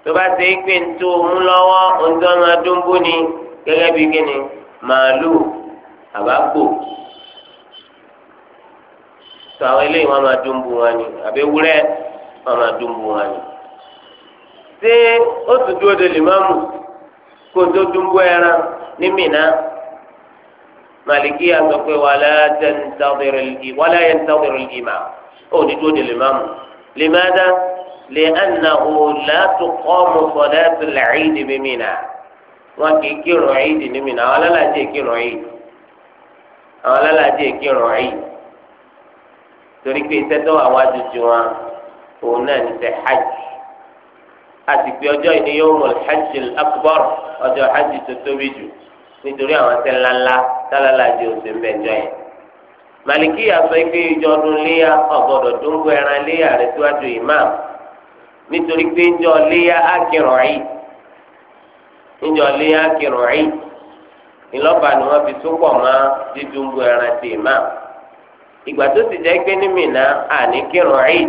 tó bá ti pé tó mú lọ́wọ́ tí wọ́n ni gẹ́gẹ́ bí kíni màálù àbágbò tó àwọn eléyìí wọ́n máa dúnbò wọn ni àbí wúrẹ́ wọ́n máa dúnbò wọn ni. ṣé ó sì dúró de lè má mú kó tó dúnbò ẹran ní Mínà Màlìkí yà sọ pé wàlá yẹntàdìrì ìmà ó ní tó di limamu limada lè ana o láti kọ́ mu sọ̀dá tìlẹ̀ ẹ̀ẹ́dì bí Mínà wọn kì í kírun ẹ̀ẹ́dì ní Mínà àwọn alálàájì kírun ẹ̀ẹ́dì àwọn alálàájì kírun ẹ̀ẹ́dì torí pé iṣẹ́ wà wájú ju wọn òun náà ní ṣe hajj àti pé ọjọ́ ìníyàwó mọ̀ hajj akbar ọjọ́ hajj tó tóbi jù nítorí àwọn ẹsẹ̀ ńláńlá tálálà jẹ oṣù mẹ́jọ yẹn màlìkí àsọ ike ìjọ ọdún léyà ọgbọdọ tó ń gbọ ẹran léyà rẹ síwájú ìmáàmù nítorí pé ìjọ léyà ákìrọ̀ yìí ìjọ léyà ákìrọ̀ yìí ìlọ́ba ni wọ́n fi túpọ̀ mọ́ dídú ń gbọ ẹran sí ìmáàmù ìgbà tó ti jẹ́ pé ní mìíràn àní kírun yìí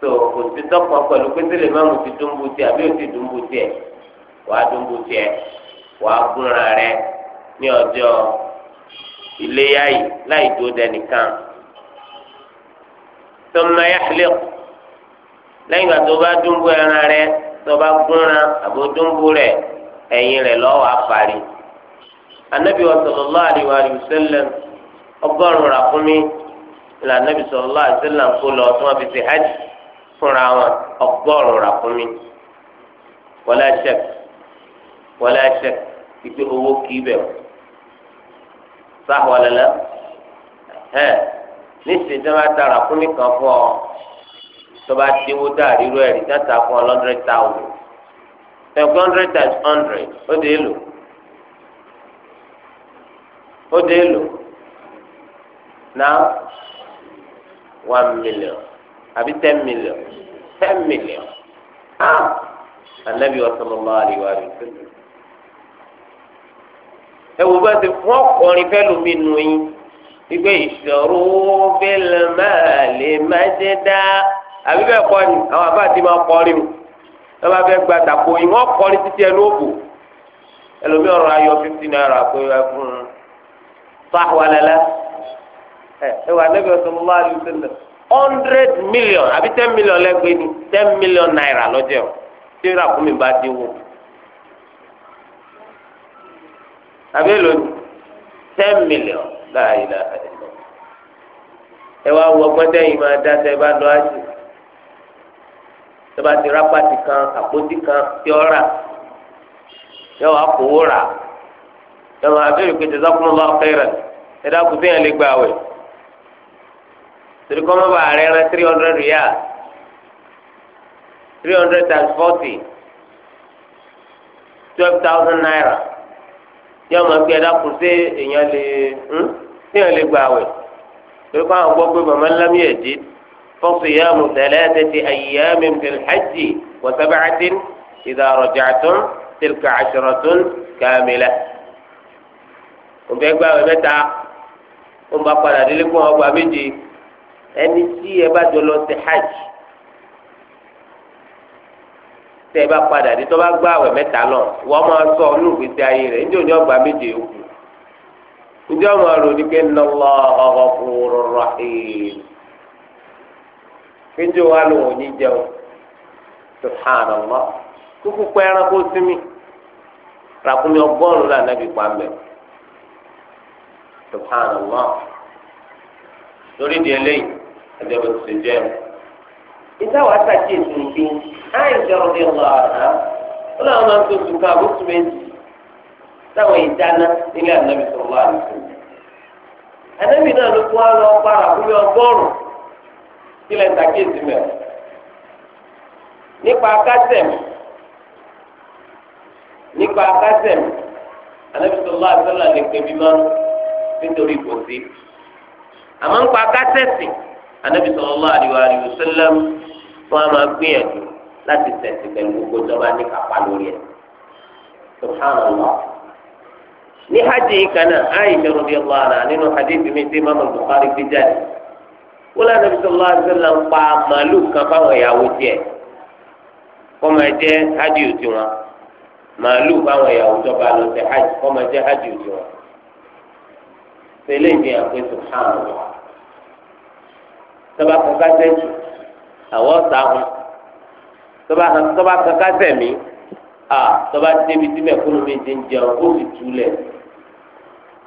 tó kò sí tọkàn pẹ̀lú pé sílẹ̀ máàmù ti dúnbù tiẹ̀ àbí ò ti dúnbù tiẹ̀ wàá dúnbù tiẹ̀ wàá gúnra rẹ ní ọjọ́ iléyà yìí láì tó dẹnìkan tọ́mọ yàhlẹ̀ lẹ́yìn ìgbà tó bá dúnbó ẹran rẹ tó bá gúnra àbó dúnbó rẹ ẹ̀yìn rẹ lọ́wọ́ àparí anabi wa sallallahu alayhi wa sallam ọgọ́rùn ràkúnmí ìlà anabi sallallahu alayhi wa sallam kó lọ tí wọ́n fi ṣe hajj fúnra wọn ọgọ́rùn ràkúnmí wala shak wala shak ipe owó kì í bẹ̀ o sáwọn lẹ́lẹ́ ẹ̀ níṣẹ́ tí wọ́n tara fún mi kan fún ọ tó bá dínwó dàrí rú ẹ̀rí dáta fún ọ lọ́ndrẹ́d táwùn ten hundred times hundred ó dé lò ó dé lò náà one million àbí ten million ten million ah anabi wa sallallahu alayhi wa sallam ẹwù bá ti wọn kọrin fẹlú mi nù yín wípé ìṣòro bẹlẹ máa lè má jẹ dá àbí bẹ́ẹ̀ kọ́ ni àwọn àbá ti máa kọrin o wọn bá fẹ́ gba tàpó yín wọn kọrin títí ẹnu òbò ẹlòmí ọ̀rọ̀ ayọ̀ fifty naira pé ẹ fún un fáwọn lẹ́lẹ́ ẹ ẹ wà nẹ́bí ọ̀sán lọ́wọ́ àlùsílẹ̀ hundred million àbí ten million lẹ́gbẹ̀ẹ́ ni ten million naira lọ́jọ́ tí ìrà fún mi bá dín wò. àbí lóni ten million láàyè láàyè ẹ wá wọ ọgbọ́n tẹ́yìn máa dá tẹ́ bá lọ àjò tọ́ba ti rápàtì kan àpótí kan tí ọ rà yọ wá kówó rà yọ máa béèrè pé tẹ̀sán kún lọ́wọ́ kẹ́rẹ̀ ẹ dákun sí yẹn lè gbà wẹ̀ torí kọ́ mọ́ bàa rẹ̀ rẹ̀ three hundred riyal three hundred times forty twelve thousand naira yẹ ọmọ akẹ́ dákun sí èèyàn lè ń hmm? èèyàn lè gba àwẹ̀ torí kó àwọn gbọ́ pé màmá ńlámi ẹ̀ dé fọ́sù yẹ ọmọ tẹ̀lé tẹ̀tẹ̀ àyíyá mi fil hajj wa sab'atin idha raja'tum tilka asharatun kamilah. òbẹ́ gba àwẹ̀ mẹ́ta ó ń bá padà délé kó wọn méje ẹni tí ẹ bá jọ lọ sí hajj tẹ ẹ bá padà dé tó bá gbá àwẹ̀ mẹ́ta lọ wọ́n máa sọ olùgbèsè ayé rẹ̀ níjẹ́ òní ọgbà méje òkú níjẹ́ ọmọ rò ní pé nọlọ ọ̀rọ̀ ní jẹun subhanallah kúkú pẹ́ ẹranko sinmi ọgọ́rùn-ún nàbí pàmẹ́ lórí ẹ̀dẹ̀ bó ti ṣe jẹun. ìtawà sàkíyèsí ní àìsàn ọdẹ ọlọ àná ó làwọn máa ń tó tùkà àbúkù méjì táwọn ìdáná nílé ànábì sọ̀rọ̀ wà lóṣù. ànábì náà ló kó wá lọ para fúnmi ọgọ́rùn-ún sílẹ̀ ìtàkéèsì mẹ́rin nípa akásẹ̀mù nípa akásẹ̀mù ànábì sọ̀rọ̀ wà sọ̀rọ̀ lè pè mí mọ́ nítorí kò sí. àmọ́ nípa akásẹ̀sì ànábì sọ̀rọ̀ wà àdìwà àdìwà sẹ́lẹ̀m wọ́n á gbìyànjú. láti tẹ̀sí pẹ̀lú gbogbo ìjọba ní kápá lórí ẹ̀ subhanallah ní hajj nínú hadith mi tí Bukhari fi jáde ṣẹlẹ̀ ń pa màálù kan fáwọn ìyàwó tiẹ̀ jẹ́ hajj màálù fáwọn ìyàwó lọ sí hajj jẹ́ hajj tọ́ba tọ́ba kankan sẹ̀mí à tọ́ba débi tí mẹ́kúnnù mi ti ń jẹun ó sì túlẹ̀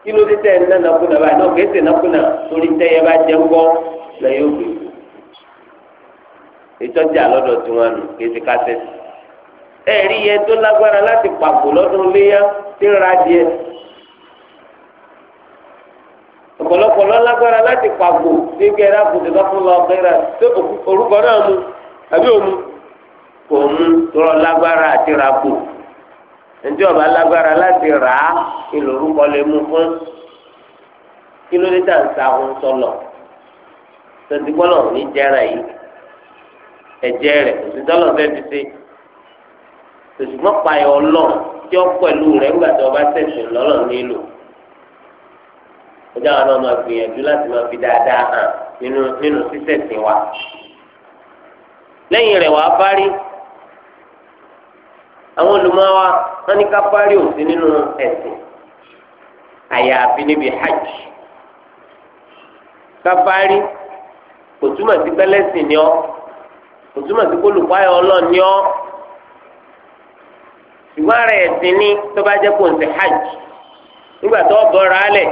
kí ló dé tẹ́ ẹ nánà kúnà báyìí náà kèésì nákúnà torí ẹ bá tí wọ́n tó lágbára láti pàpò lọ́dún léyà tí ń ra ọ̀pọ̀lọpọ̀ lọ lágbára láti pàpò ní fún tó orúkọ náà mu àbí òmu. kò mú tọrọ lágbára àti rà kù ǹjẹ́ ọba lágbára láti rà á kí lórúkọ lè mú fún kí ló dé tà ń sa ohun sọlọ tẹ̀síkọ́lọ̀ ní jẹ́ràn yìí ẹ̀jẹ̀ rẹ̀ òsìtọ́lọ̀ fẹ́ fi ṣe tòṣùgbọ́n payọ̀ ọlọ́ọ̀ tí ó pẹ̀lú rẹ̀ ńgbà tí ọba tẹ̀sìn lọ́lọ́ nílò ọjà àwọn ọmọ gbìyànjú láti máa fi dáadáa hàn nínú nínú wa lẹ́yìn rẹ̀ wàá bá rí. àwọn olùmọ̀wá wọn ní ká parí òsì nínú ẹ̀sìn àyàfi níbi hajj ká parí kò túmọ̀ sí pẹ́lẹ́sìn ni ọ́ kò túmọ̀ sí ọlọ́ọ̀ ni ọ́ ẹ̀sìn ní tó bá jẹ́ kó n ṣe hajj nígbà tó bọ̀rọ̀ alẹ̀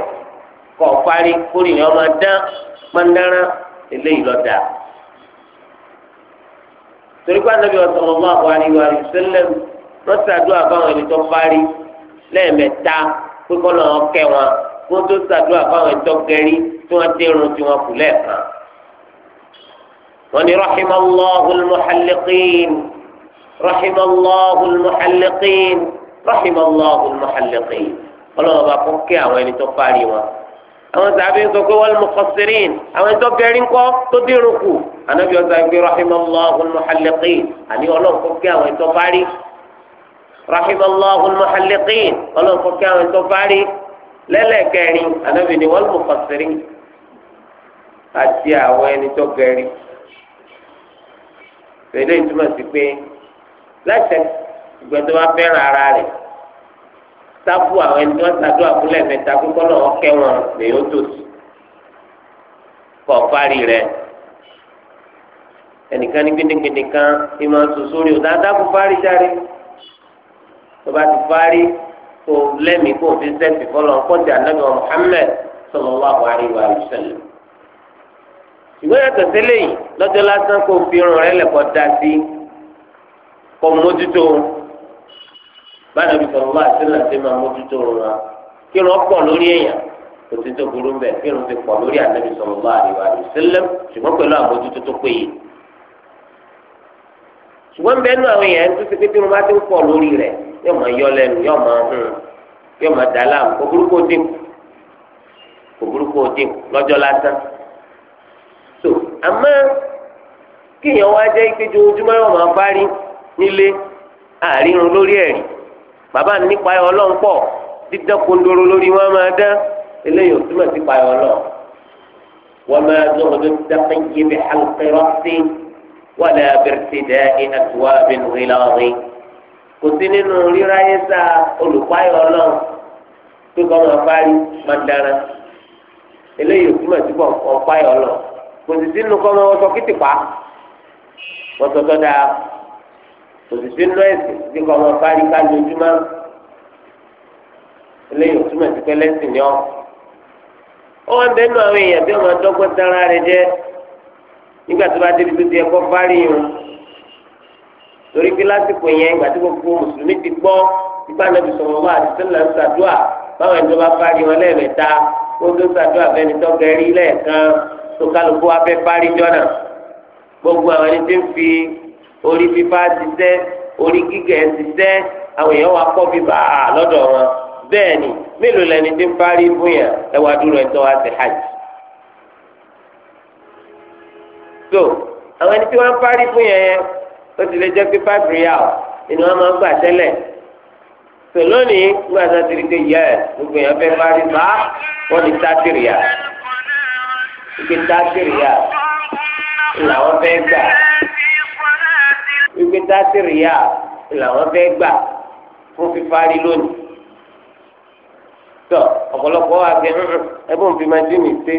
kọ̀ parí kórìyàn máa dán pàǹdàrà eléyìí lọ́dà torí pé ọmọ àwọn lọ́sàdúrà fáwọn ẹni tó fárí lẹ́ẹ̀mẹ́ta pé kọ́ lọ́wọ́ kẹ́ wọn kó tó sàdúrà fáwọn ẹni tó gẹ̀rí tí wọ́n ti rún tí wọ́n kù lẹ́ẹ̀kan. wọ́n ní rahimallahu almuhalliqin rahimallahu almuhalliqin rahimallahu almuhalliqin ọlọ́wọ́ bá kọ́ kẹ́ àwọn ẹni tó fárí wọn àwọn sàbí ń sọ pé wal muqassirin àwọn ẹ̀tọ́ gẹ̀rí ńkọ́ tó dírun kù ànábi ọ̀sán ìgbé rahimallahu almuhalliqin àní ọlọ́run rahimallahu muhalliqin ọlọ́run kọ́ kí àwọn tó parí lẹ́lẹ́kẹrin anábì ni wal mufassirin àti àwọn ẹni tó gẹ̀rí pẹ̀lú ìtumọ̀ sí pé lẹ́sẹ̀ ìgbẹ́ tó bá fẹ́ràn ara rẹ̀ sábù àwọn ẹni tó ń ṣàdúrà fún lẹ́ẹ̀mẹ́ta kókó náà ọ̀kẹ́ wọn lèyó tó sí kọ̀ parí rẹ̀ ẹnìkan ní gbẹdẹgbẹdẹ kan ìmọ̀ sòsórí ò dáadáa kó parí járe tó bá ti parí kó lẹ́mìí kó fi sẹ́ǹtì fọlọ́ kọ́tì ànábì wa Muhammad sallallahu alaihi wa sallam. ìwé yàtọ̀ sílẹ̀ yìí lọ́jọ́ lásán kó fi irun rẹ̀ lẹ̀kọ́ da sí kó mójútó bánàbí sallallahu alaihi wa sallam ti máa mójútó wọn kí irun pọ̀ lórí èèyàn kò sí tó burú bẹ́ẹ̀ kí irun ti pọ̀ lórí ànábì sallallahu alaihi wa sallam ṣùgbọ́n pẹ̀lú àmójútó tó péye ṣùgbọ́n bẹ́ẹ̀ nù àwọn èèyàn tó ti pé tí wọ́n bá ti pọ̀ lórí rẹ̀ yóò máa yọ lẹ́nu yóò máa hùn yóò máa dà láàmú kò burúkú dín kò burúkú dín lọ́jọ́ lásán so àmọ́ kéèyàn wá jẹ́ ìpéjọ ojúmọ́ yóò máa bá rí nílé àárínrun lórí ẹ̀rí bàbá nípa ẹ̀ ọlọ́run pọ̀ dídán kondoro lórí wọn máa dán eléyìí ò sí pa ọlọ́run wọ́n máa dọ́kọ̀ tó dákẹ́ yé mi àlùkẹ́rọ́ sí wọ́n lè abẹ́rẹ́ sí dẹ́ ẹ̀ àtúwá bẹ́ẹ̀ nù kò sí nínú ríráyé sá olùpáyọ̀ náà pé kọ́ máa parí máa dára eléyìí ò túmọ̀ sí pọ̀ ọ̀páyọ̀ náà kò sì sínú kọ́ máa wọ́sọ kìtìpá wọ́sọ tó dáa kò sì sínú ẹ̀sìn pé kọ́ máa parí ká lójúmọ́ eléyìí ò túmọ̀ sí pé lẹ́sìn ni ọ́ ó wá ń bẹ́ẹ̀ nú àwọn èèyàn bí wọ́n máa dọ́gbọ́n sára rẹ̀ jẹ́ nígbà tó bá débi tó ti ẹ̀kọ́ parí yìí torí pé lásìkò yẹn ìgbà tí gbogbo mùsùlùmí ti gbọ́ nípa nàbì sọ̀rọ̀ wá àti sẹ́lẹ̀ ń ṣàdúà báwọn ẹni tó bá parí wọn lẹ́ẹ̀mẹ́ta kó tó ṣàdúà fẹ́ni tó kẹrí lẹ́ẹ̀kan tó kálukú wa fẹ́ parí jọ́nà gbogbo àwọn ẹni tí ń fi orí fífá ṣiṣẹ́ orí gígẹ̀ ṣiṣẹ́ àwọn èèyàn wa kọ́ bíbá lọ́dọ̀ wọn bẹ́ẹ̀ ni mélòó lẹni tí ń parí fún yẹn ẹ wá dúró ẹ̀ tó wá ṣe hajj. so àwọn ẹni tí wọ́n ń parí fún yẹn ó ti lè jẹ́ pé five real ni wọ́n máa ń gbà tẹ́lẹ̀ tò lónìí gbà tá a ti rí pé yẹ gbogbo èèyàn fẹ́ bá rí bá wọ́n ní thirty real ìpè thirty real làwọn fẹ́ gbà ìpè thirty real làwọn fẹ́ gbà fún fífarí lónìí tọ ọ̀pọ̀lọpọ̀ wa fi ẹ̀bùn fi máa dín ní sí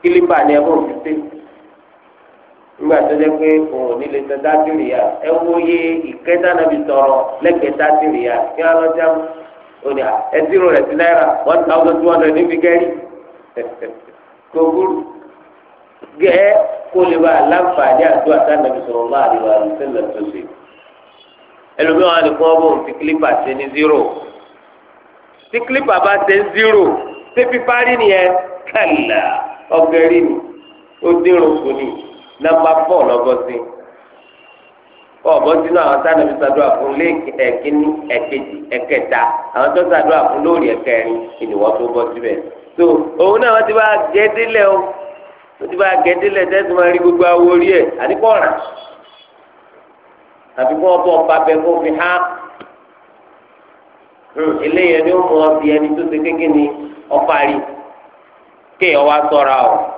kílípà ni ẹ̀bùn fi sí nígbà tó jẹ́ pé òun nílé tẹ dátìrì yá ẹ wo yé ìkẹta náà fi tọrọ lẹ́kẹ̀ẹ́ dátìrì yá kí wọ́n lọ jẹun òní à ẹ zero rẹ̀ sí náírà one thousand two hundred níbi kẹ́rì kòkúrú gẹ́ kó lè bá aláǹfààní àdó àtànàbí sọ̀rọ̀ máa rí wa sílẹ̀ tó ṣe ẹlòmíràn ni kò bóun ti kílípà ṣe ní zero tí kílípà bá ṣe ń zero ṣé fífárí nìyẹn kàlà ọgẹrí ni ó dérò kò ní nọ́mbà fọ lọgọsí ọbọ sínú àwọn tá nàbí ṣàdúrà fún lé ẹ̀kíní ẹ̀kejì ẹ̀kẹta àwọn tó ṣàdúrà fún lórí ẹ̀kẹrin ìníwọ tó bọ síbẹ̀ tó òun náà wọn ti bá gẹdílẹ o wọn ti bá gẹdílẹ tẹsí máa rí gbogbo awo orí ẹ àdìpọ̀ràn àfi kó wọn bọ ọba bẹ kó fi hàn hmm, eléyẹn ni ó mú ọ bí ẹni tó ṣe kékeré ní ọparí kéèyàn wá ṣọ́ra o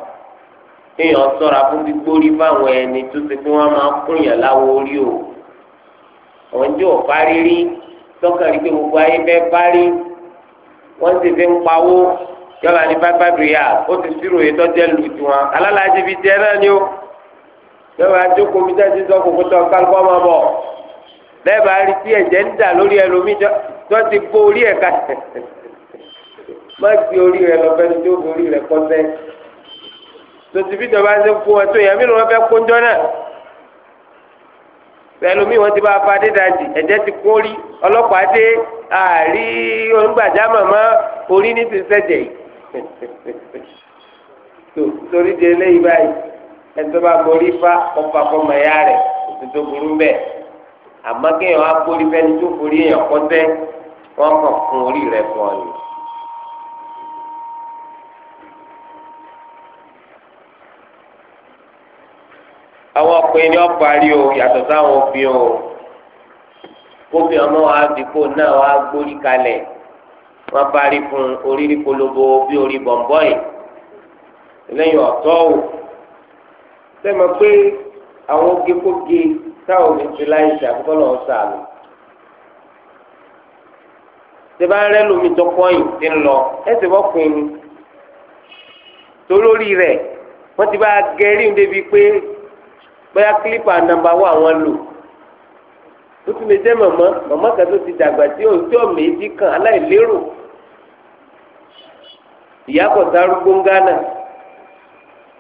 kéèyàn sọ́ra fún gbígbórí fáwọn ẹni tó ti fún wọn máa ń kúnyàn láwọ orí o òun tí ò parí rí tọkàn rí pé gbogbo ayé fẹ́ parí wọ́n sì fi ń pawó yọ̀lá ní five five riyal ó ti sírò yìí tọ́jẹ́ lù tiwọn alálàájì bíi tiẹ̀ náà ni ó yọ̀lá àjókòó mi tẹ́sí sọ kòkó tó kálukọ́ máa bọ̀ lẹ́ẹ̀bà rí tí ẹ̀jẹ̀ ń dà lórí ẹlòmíì tó ti gbó orí ẹ̀ ká má gbé orí rẹ lọ fẹ́ni tó gbé orí rẹ kọ́ tòtí bí ìjọba ṣe kó wọn tó yẹ mí ni wọn fẹ́ kó ń jọ náà pẹ̀lú mi wọn ti bá fa dédajì ẹ̀jẹ̀ ti kó rí ọlọ́pàá dé àárí onígbàjámọ̀ mọ́ orí ní ti sẹ̀jẹ̀ yìí torí de eléyìí báyìí ẹ̀tọ́ bá borí fa ọfà fọmọ ẹ̀yà rẹ̀ òtún tó burú bẹ́ẹ̀ àmọ́ kéèyàn á borí fẹ́ni tó borí èèyàn kọ́tẹ́ wọ́n kàn fún orí rẹ̀ fún ọ àwọn ọkùnrin ni wọ́n parí o yàtọ̀ sáwọn òfin o kófì ọmọ wa dìpọ̀ náà wá gbórí kalẹ̀ wọ́n parí fún oríri polówó bí orí bọ̀m̀bọ́ì lẹ́yìn ọ̀tọ́ o sẹ́mi pé àwọn ogekoge táwọn òbí ti láyé ṣàkóso lọ́wọ́ sàlù tẹ́bá rẹ́ lómi tó kọ́yìn ti ń lọ ẹsẹ̀ wọ́n pin ni torí rẹ̀ wọ́n ti bá gẹ́rí ń débi pé bóyá kílípà nàmbà wà wọn lò ó tún lè jẹ́ màmá màmá kan tó ti dàgbà tí ò tí ò méjì kan aláìlérò ìyàbọ̀ sárúgbó ń gánà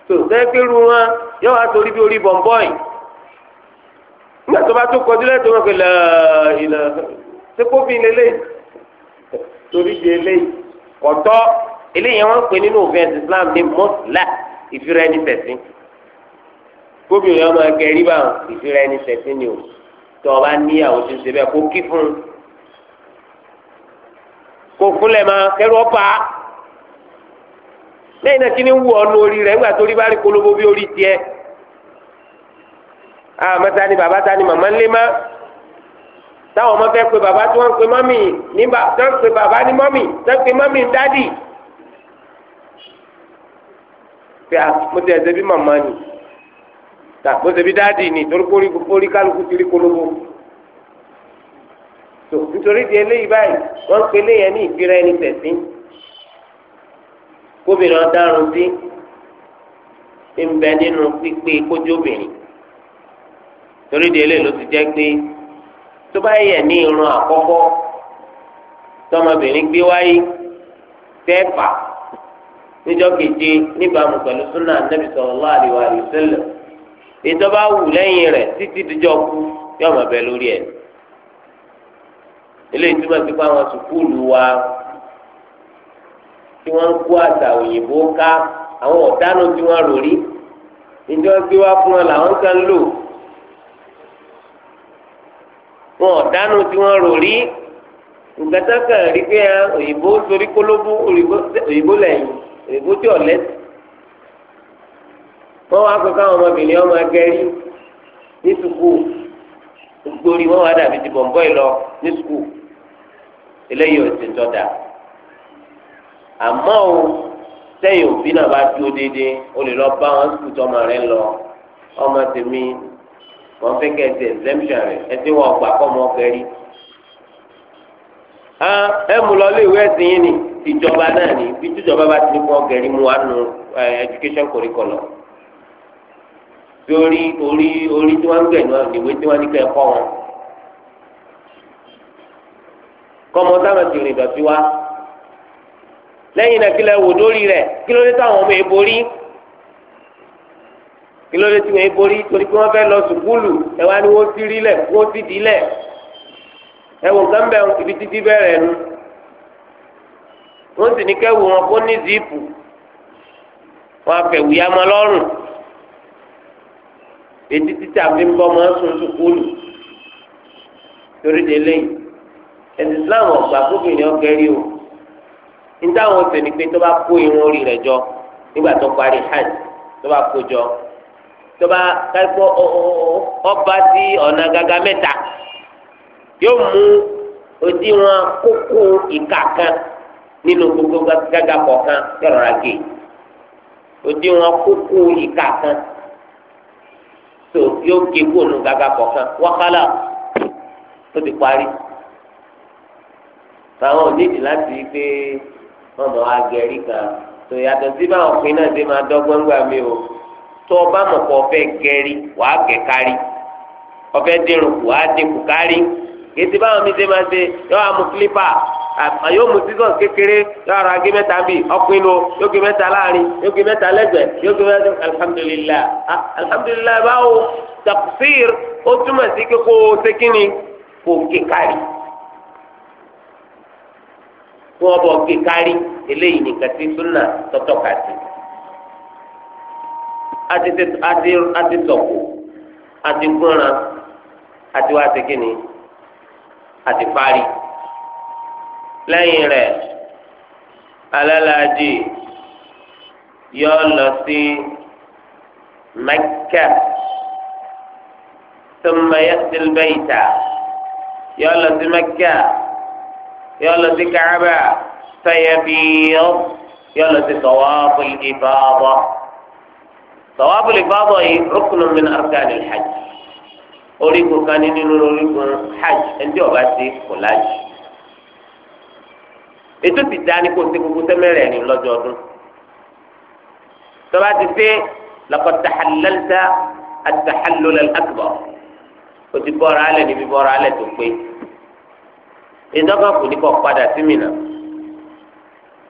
tó sẹ́kẹ́rù wọn yóò wá sórí bí orí bọ̀m̀bọ̀ì nígbà tó bá tó kọjú lẹ́tọ̀ọ́ wọn pẹ̀lú ìlà sẹ́kọ́bí lélẹ̀ torí di eléyìí kọ̀tọ́ eléyìí wọn pè nínú òfin ẹ̀sìn Islam ní mọ́tìlá ìfira ẹni tẹ̀sìn kóbìnrin ọmọ ẹgbẹ́ rí bá ìfira ẹni sẹ̀sìn ni o tó o bá níyàwó tó ṣe bẹ́ẹ̀ kó kí fún un kó fúnlẹ̀ máa kẹ́rù ọ̀pá lẹ́yìn náà kí ni wù ọ́ nu orí rẹ̀ nígbà tó rí bá rí kólóbó bí orí tiẹ̀ àmọ́ ta ni bàbá ta ni màmá ńlẹ́ má táwọn ọmọ fẹ́ pe bàbá tí wọ́n ń pe mọ́mì ní tí wọ́n pe bàbá ní mọ́mì tí wọ́n pe mọ́mì dádì pé mo ti ẹ̀ bí màmá ni tàbí ṣebí dáàdi ni torí kórí kórí kálukú ti rí kólóbó tó nítorí di eléyìí báyìí wọ́n ń pe eléyẹn ní ìfira ẹni tẹ̀sí kóbìnrin ọ̀daràn sí ń bẹ nínú pípé kójóbìnrin torí di eléyìí ló ti jẹ́ pé tó bá yẹ ní irun àkọ́kọ́ tọmọbìnrin gbé wáyé tẹ́ẹ̀pà níjọ́ keje níbàámu pẹ̀lú súnà Ànábì sallallahu alaihi ìjọba wù lẹ́yìn rẹ̀ títí dijọ́ kú yóò máa bẹ lórí ẹ̀ eléyìí túmọ̀ sí pé àwọn sùkúlù wa tí wọ́n ń kó àṣà òyìnbó ká àwọn ọ̀daràn tí wọ́n rò rí ìjọ gbé wá fún wọn làwọn kan lò wọn ọ̀daràn tí wọ́n rò rí rí pé òyìnbó sorí kólóbó òyìnbó lẹ́yìn òyìnbó tí ọ̀lẹ́sìn wọ́n wá kó káwọn ọmọbìnrin ọmọ agẹ́rí ní sukuu gbórí wọn wá dàbí ti bọ̀m̀bọ́ ìlọ ní sukuu eléyìí ò ti tọ́da àmọ́ o sẹ́yìn òbí náà bá dúró déédéé o lè lọ bá wọn sùkúù tọmọ rẹ lọ ọmọ tèmi wọn fẹ́ kẹ́ ẹ ti exemption rẹ ẹ ti wọ́n gbà kọ́ ọmọ gẹ́rí ẹ mú lọ lé ìwé ẹ̀sìn yín ni ìjọba náà ni bí tíjọba bá ti ní kọ́ gẹ́rí mu wá nu education curriculum bí orí orí orí tí wọ́n ń gbẹ̀ náà ìwé tí wọ́n ní kẹ́ kọ́ wọn. kọ́mọ táwọn ti rìn dọ̀tí wá lẹ́yìn náà kí lẹ́ wò lórí rẹ̀ kí ló dé táwọn ọmọ èèbó rí kí ló dé tí wọ́n èèbó rí torí pé wọ́n fẹ́ lọ sùkúlù ẹ wá ní wọ́n ti rí lẹ̀ wọ́n ti dì í lẹ̀ ẹ wò gán bẹ́ẹ̀ ibi títí bẹ̀rẹ̀ nu wọ́n sì ní kẹ́wù wọn kó ní zipu wọn afẹ́wù yá mọ́ lọ́rùn etí títà fi ń bọ́ ọmọ sùn sùkúlù torí délé ẹ̀sìn islam ọ̀gbà gómìnà ọ̀gẹ́rì o níta àwọn ọ̀sẹ̀ ni pé tó bá kó irun orí rẹ̀ jọ nígbà tó parí hajj tó bá kó jọ tó bá kápẹ́ ọba sí ọ̀nà gágá mẹ́ta yóò mú òdiwọ̀n kókó ìka kan nínú gbogbo gágá kọ̀ọ̀kan yọ̀rọ̀ ra gé kókó ìka kan tó yóò gé kóònù gàgà kọ̀ọ̀kan wákàlà ó ti parí àwọn òdìdí láti rí pé wọn mọ agẹrí kan tó yàtọ̀ sí báwọn pin náà ṣe máa dọ́gbọ́n gbà mí o tó o bá mọ̀ pé ọ̀fẹ́ gẹ̀rí wàá gẹ̀ kárí ọ̀fẹ́ dìrùn wàá dínkù kárí ètò báwọn mi ṣe máa ṣe yọ àmú kílípà àyò mu season kékeré yóò ra gé mẹ́ta bí ọkùnrin o yóò gé mẹ́ta láàrin yóò gé mẹ́ta lẹ́gbẹ̀ẹ́ yóò gé mẹ́ta alhamdulilayi alhamdulilayi ah, báwo tafsir ó túmọ̀ sí pé kó o ṣe kó o bọ̀ ké eléyìí nìkan ti súnà tọ́tọ́ ká àti sọ̀kò àti gbọ́nra àti wá ṣe àti parí. lẹ́yìn rẹ̀ alálàájì yọ lọ sí Mẹ́kà ثم يأتي البيت يلا في مكة يلا في كعبة فيبيض يلا في طواف الإفاضة طواف الإفاضة ركن من أركان الحج أريكم كان ينور أريكم حج أنت وبعدي كل حج ètò ti dá ní kó ṣe gbogbo sẹ́mẹ́rẹ̀ ní lọ́jọ́ ọdún tọ́ba ti ṣe laqad tahallalta at-tahallul al-akbar o ti bọ́ra alẹ́ níbi bọ́ra alẹ́ tó pé ìdọ́gba kò ní kọ́ padà sí Mínà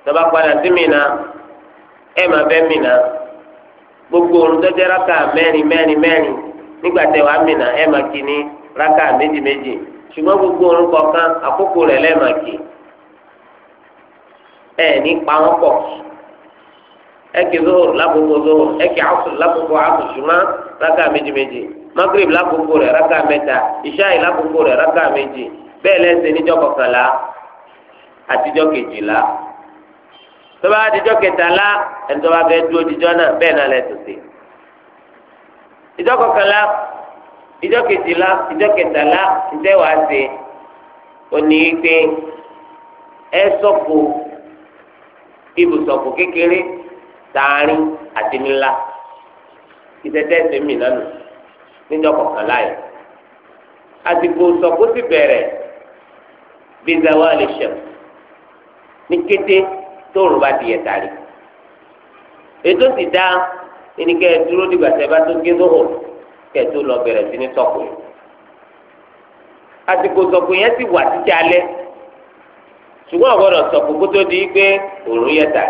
tọ́ba padà sí Mínà ẹ̀ máa bẹ́ Mínà gbogbo òrùn tọ́jú rákà mẹ́rin mẹ́rin mẹ́rin nígbà tẹ wàá Mínà ẹ̀ máa kí ní rákà méjì méjì ṣùgbọ́n gbogbo òrùn kọ̀ọ̀kan àkókò rẹ̀ lẹ́ẹ̀ máa kí ẹ ní pa wọn pọ̀ ẹkì zohor lákòókò zohor ẹkì asùn lákòókò asùn ṣùgbọ́n meji, méjìméjì magrib lákòókò rẹ̀ rákà mẹ́ta ìṣáì lákòókò rẹ̀ rákà méjì bẹ́ẹ̀ lẹ́sẹ̀ níjọ́ kọkànlá àtijọ́ kejìlá tọ́ba àtijọ́ kẹtàlá ẹni tọ́ba fẹ́ dúró dijọ́ náà bẹ́ẹ̀ náà lẹ́sẹ̀ sí ìjọ́ kọkànlá ìjọ́ kejìlá ìjọ́ kẹtàlá ìjẹ́wàá sí oníyí pé ẹ sọ́kù ibùsọ̀kù kékeré tààrin àti ńlá ìtẹ́tẹ́ ẹsẹ̀ mi nánu níjọ́ kọ̀ọ̀kanlá yìí àsìkò sọ̀kù ti bẹ̀rẹ̀ bizawa lè ṣẹ̀ ní kété tóòrùn bá di ẹ̀ta rí ètò ti dá ẹnikẹ́ dúró dìgbà tẹ́ bá tó gé lóhùn kẹ́ẹ̀ tó lọ bẹ̀rẹ̀ sí ní sọ̀kù yìí àsìkò sọ̀kù yẹn ti wà títí alẹ́ ṣùgbọ́n àgbọ̀dọ̀ sọ̀kù kó tó di pé òòrùn yẹ tà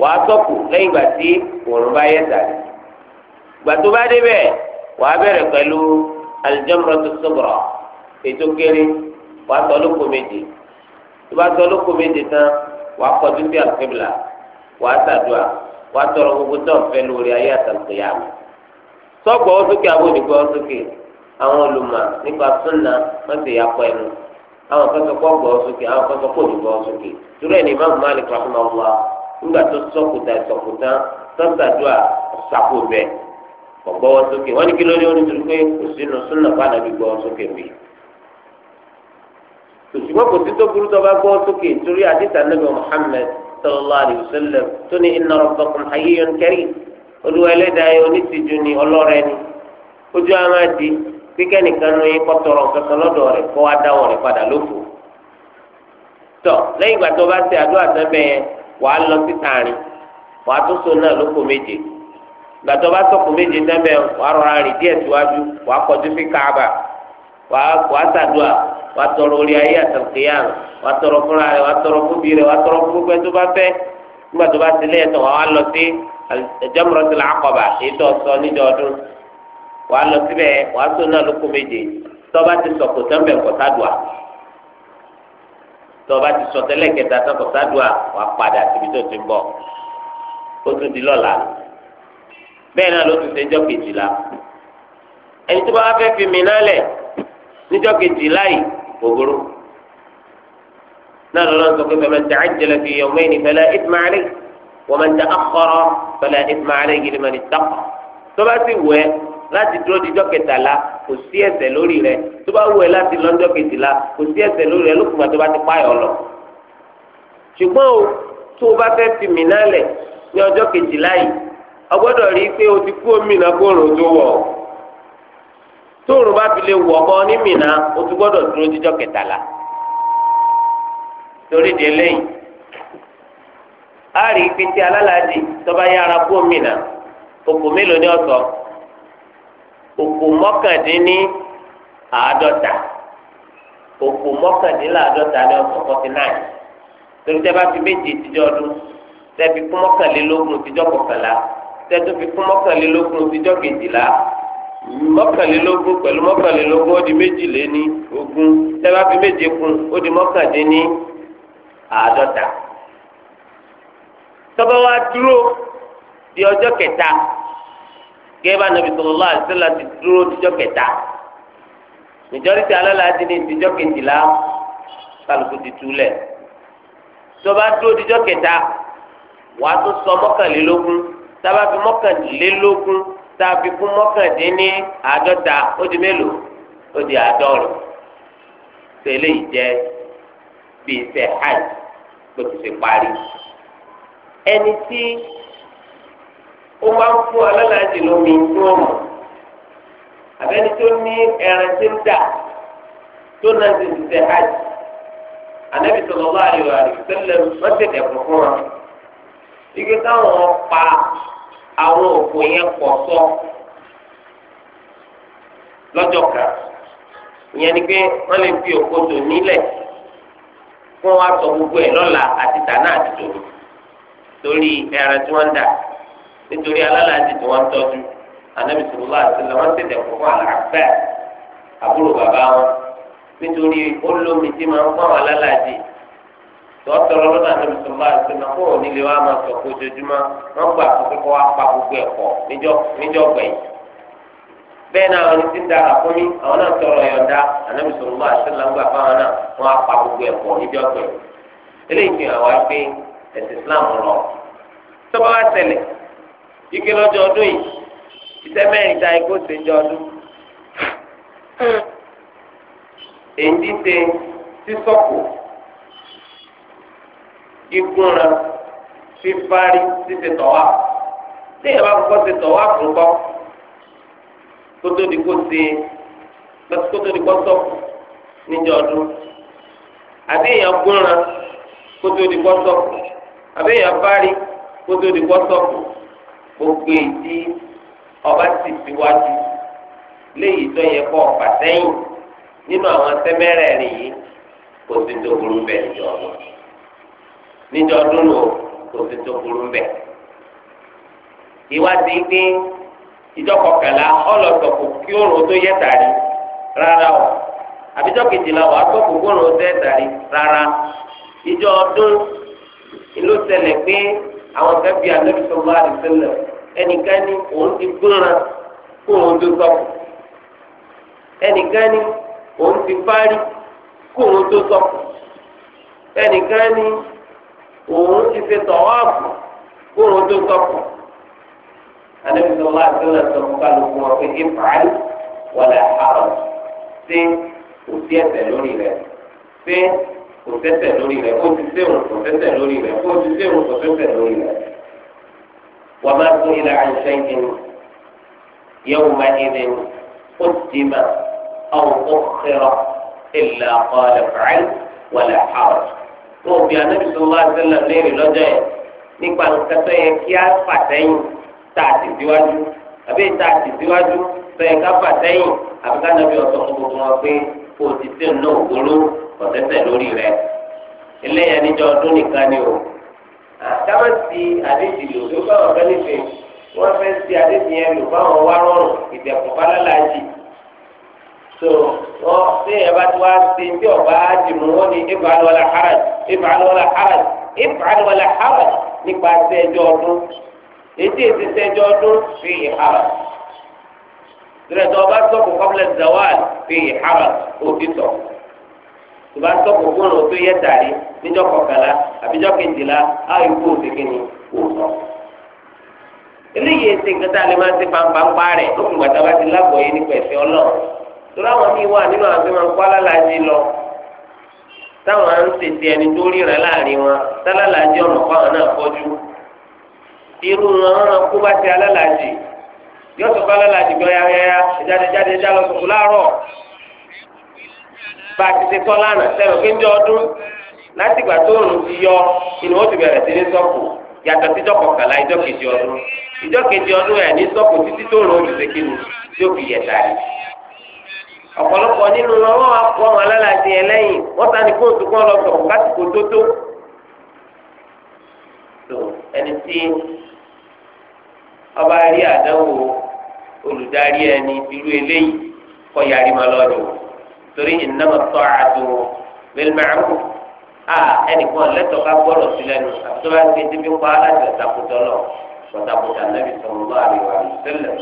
wàá sọ̀kù lẹ́yìn ìgbà tí òòrùn bá yẹ tà ìgbà tó bá débẹ̀ wàá bẹ̀rẹ̀ pẹ̀lú aljamratu sughra ètò kéré wàá tọ́ lóko méje tó bá tọ́ lóko méje tán wàá kọjú sí àlùkébìlà wàá ṣàdúà wàá tọrọ gbogbo tó ń fẹ́ lórí ayé àtàlùkìyà mi sọ́gbọ̀ ọ́ sókè àbójúgbọ́ àwọn kan sọ pé ọgbà ọsọkè àwọn kan sọ pé òdìbò ọsọkè torí ẹni Imam Malik rahimahullah nígbà tó sọkùtà ìsọkùtà sọsàdúà ọsàkó bẹ ọgbọwọ sókè wọn ní kí ló ní orí torí pé kò sínú súnà fáànà bí gbọwọ sókè mi tòṣùgbọ́n kò sí tó burú tó bá gbọwọ sókè torí àdìsá nàbẹ Muhammad sallallahu alayhi wa sallam tó ní inna rabbakum hayyun karim olúwa ẹlẹ́dàá yẹn onítìjú ni di kíkẹ́ nìkan nu yín kọ́tọ̀rọ̀ kankan lọ́dọ̀ rẹ̀ kọ́ adáwọ̀ rẹ̀ padà lófo tọ lẹ́yìn ìgbà tó bá ṣe àdúrà tán bẹ́ẹ̀ yẹn wàá lọ sí tààrin wàá tún so náà lóko méje ìgbà tó bá sọ̀kò méje tán bẹ́ẹ̀ wàá rọra rìn díẹ̀ síwájú wàá kọjú sí káàbà wàá wàá ṣàdúrà wàá tọrọ orí ayé àtàkìyàn wàá tọrọ fúnra rẹ̀ wàá tọrọ fúnbi rẹ̀ wàá tọrọ fún gbogbo ẹ tó bá fẹ́ wàá lọ síbẹ̀ wàá tó náà lóko méje tọ́ba ti sọ̀kò tán bẹ̀ kọ́tà dùà tọ́ba ti sọ tẹ́lẹ̀ kẹta tán kọ́tà dùà wàá padà síbi tó ti ń bọ̀ ó tún di lọ́la bẹ́ẹ̀ náà ló tún ṣe jọ́ kejìlá ẹni tó bá wá fẹ́ fi mí nálẹ̀ níjọ́ kejìlá yìí gbogbooro náà lọ́la ń sọ pé fẹ́ẹ́ máa ta'ajjala fi yawmayni fala ithma alayhi wa man ta'akhkhara fala ithma alayhi liman ittaqa tọ́ba ti wẹ̀ láti dúró di ọjọ́ kẹtàlá kò sí ẹ̀ṣẹ̀ lórí rẹ tó bá wù ẹ láti lọ ọjọ́ la kò sí ẹ̀ṣẹ̀ lórí rẹ lókùnbà tó bá ti pààyàn lọ. ṣùgbọ́n o tó o bá fẹ́ fi ní ọjọ́ kejìlá yìí rí i pé o ti kú òmìnira kóòrùn tó wọ̀ ọ́ bá fi lè wọ̀ ọ́ ní mìíràn o ti di ọjọ́ kẹtàlá a rí i pé tí alálàájì tó bá òkú mọ́kàndínní àádọ́ta òkú mọ́kàndínláàádọ́ta ní ọ̀sán forty nine torí tẹ́ bá fi méje tíjọ́ ọdún tẹ́ fi kún mọ́kànlélógún tíjọ́ kọkànlá tẹ́ tó fi kún mọ́kànlélógún tíjọ́ kejìlá mọ́kànlélógún pẹ̀lú mọ́kànlélógún ó di méjìléní ogún tẹ́ bá fi méje kún ó di mọ́kàndínní àádọ́ta tọ́ba wa dúró di ọjọ́ kẹta kéèbà nàbì sallallahu alaihi wasallam ti dúró dijọ́ kẹta majority alálàá ti ní dijọ́ kejìlá kálukú ti túlẹ̀ tó bá dúró dijọ́ kẹta wà á tún sọ mọ́kànlélógún tá a bá fi mọ́kànlélógún tá a fi kún mọ́kàndínní àádọ́ta ó di mélòó ó di àádọ́rin tẹ́lẹ̀ yìí jẹ́ bíi iṣẹ́ hajj gbèsè parí ẹni tí ó máa ń fún alálàájì lómi tí wọ́n mọ̀ àbẹ́ni tó ní ẹran tí ń dà tó náà ti ti tẹ hajj anabi sallallahu alaihi wa sallam wọ́n ti dẹ̀kun fún wọn. ike káwọn pa àwọn òkú yẹn pọ̀ sọ lọ́jọ́ kan ìyẹn ni pé wọ́n lè fi òkú tò nílẹ̀ fún wa sọ gbogbo ẹ̀ lọ́la àti tànà àti tòun torí ẹran tí wọ́n dà. nítorí alálàájì tí wọ́n ń tọ́jú anabi àti fún àlàáfẹ́ àbúrò bàbá wọn nítorí olómi tí máa ń pọ́n alálàájì tọ́tọ́rọ́ lọ́dọ̀ anabi àti lọ́wọ́ fún òní máa sọ pé ojoojúmọ́ wọ́n gbà gbogbo ẹ̀kọ́ bẹ́ẹ̀ náà ti ń gbogbo ẹ̀kọ́ ike lọ́jọ́ ọdún yìí iṣẹ́ mẹ́rin ta ikú ṣe jọ ọdún. èyí ṣe sísọ̀kù ìgúnra fífárí ṣíṣe tọ̀wá téèyàn bá kọ́kọ́ ṣe tọ̀wá fún kọ́ kótó ni kó ṣe kótó ni kó sọ̀kù níjọ ọdún àbí èèyàn gúnra kótó ni kó sọ̀kù àbí èèyàn fárí kótó ni kó sọ̀kù. gbogbo etí ọba ti síwájú léyìí tó yẹ kó sẹ́yìn nínú àwọn sẹ́mẹ́rẹ̀ rìn yìí kò sí tó burú ọdún níjọ ọdún lò kò sí tó kí tó yẹ tàrí o kejìlá wà á kí oòrùn tó yẹ tàrí rárá ìjọ ọdún àwọn kábíyà anabi sọlá àdìsẹlẹ ẹnìkan ní òun ti gbóná kó òun tó sọ ẹnìkan ní òun ti parí kó òun tó sọ ẹnìkan ní òun ti fi tọ̀wáàfù kó òun tó sọ anabi sọlá àdìsẹlẹ sọ fún kálukú wọn pé ìfàlù wọlé àrùn ṣé kò sí lórí rẹ̀ ṣé pòtẹ́tẹ̀ lórí rẹ̀ kó ti sẹ́wọ̀n pòtẹ́tẹ̀ lórí rẹ̀ kó ti sẹ́wọ̀n pòtẹ́tẹ̀ lórí rẹ̀. wà á máa kó ilẹ̀ àṣẹ ìdí ni yẹ́wò máa ní ilẹ̀ ni ó ti ma àwọn ọ̀kẹ́rọ̀ ilẹ̀ àkọọ́lẹ̀ fàáyì wọlé àwọn. wọn bí anábì sọ wá sẹ́lẹ̀ léèrè lọ́jọ́ yẹn nípa nǹkan tó kí á fàtẹ́yìn tá a ti síwájú àbí tá a ti síwájú tó ká fàtẹ́yìn àbí ká nàbí ọ̀sán kọ̀tẹ́tẹ̀ lórí rẹ̀ eléyà níjọ ọdún nìkan ni o àtàwọ̀sí àdéjì lò ló bá wọn fẹ́ nífẹ̀ẹ́ wọ́n fẹ́ sí àdéjì yẹn lò báwọn wá rọrùn ìdẹ̀kùn fálálàjì so wọ́n ṣé ẹ bá ti wá sí tí ọba jìmú wọn ni if'al wala haraj if'al wala haraj if'al wala haraj nípa sẹ́jọ́ ọdún ètí ètí sẹ́jọ́ ọdún fi haraj tìrẹ̀tọ̀ ọba sọ̀kù qabla zawal fi haraj òbí sọ̀kù tuba sọ̀kò fóònù tó yẹ tàrí níjọ́ kọkànlá àbíjọ́ kejìlá ayò kó o segin ni kò sọ. eléyìí ẹsẹ̀ nǹkan tá a lè máa ṣe pàǹpàǹpà rẹ̀ ó kùn gbàtà bá ti lágbọ̀ yé nípa ẹ̀sìn ọlọ́run torí àwọn míì wà nínú àwọn tó máa ń kó alálàájì lọ táwọn á ń tètè ẹni tó ríran láàrin wọn tálálàájì ọ̀nà fáwọn náà fọ́jú irú wọn wọn máa kó bá ti alálàájì yọ̀sọ̀ fún alálàájì gbọ́ yáyáyá ìjáde bá a ti 7 tọ́ lánàá sẹ́nu pé ti yọ inú ó ti bẹ̀rẹ̀ sí ní sọ́kù yàtọ̀ sí ìjọ ìjọ kejì ọdún ìjọ kejì ọdún ẹ̀ ní sọ́kù títí tó òòrùn kí ni fi yẹ ọ̀pọ̀lọpọ̀ nínú wọn wọ́n wọn alálàájẹ ẹlẹ́yìn wọ́n kóòtù kọ́ lọ tó. ẹni tí ọba rí àdánwò olùdarí torí ìnáwó tó àdó bẹ́lmẹ̀rún a ẹnìkan lẹ́tọ̀ ká gbọ́dọ̀ sílẹ̀ nù àti wá sí ibi kọ́ aláṣẹ takùtọ̀ lọ pọ̀tàpọ̀tà nàbì sọ̀rọ̀ lọ́wọ́ àríwá ìṣẹ̀lẹ̀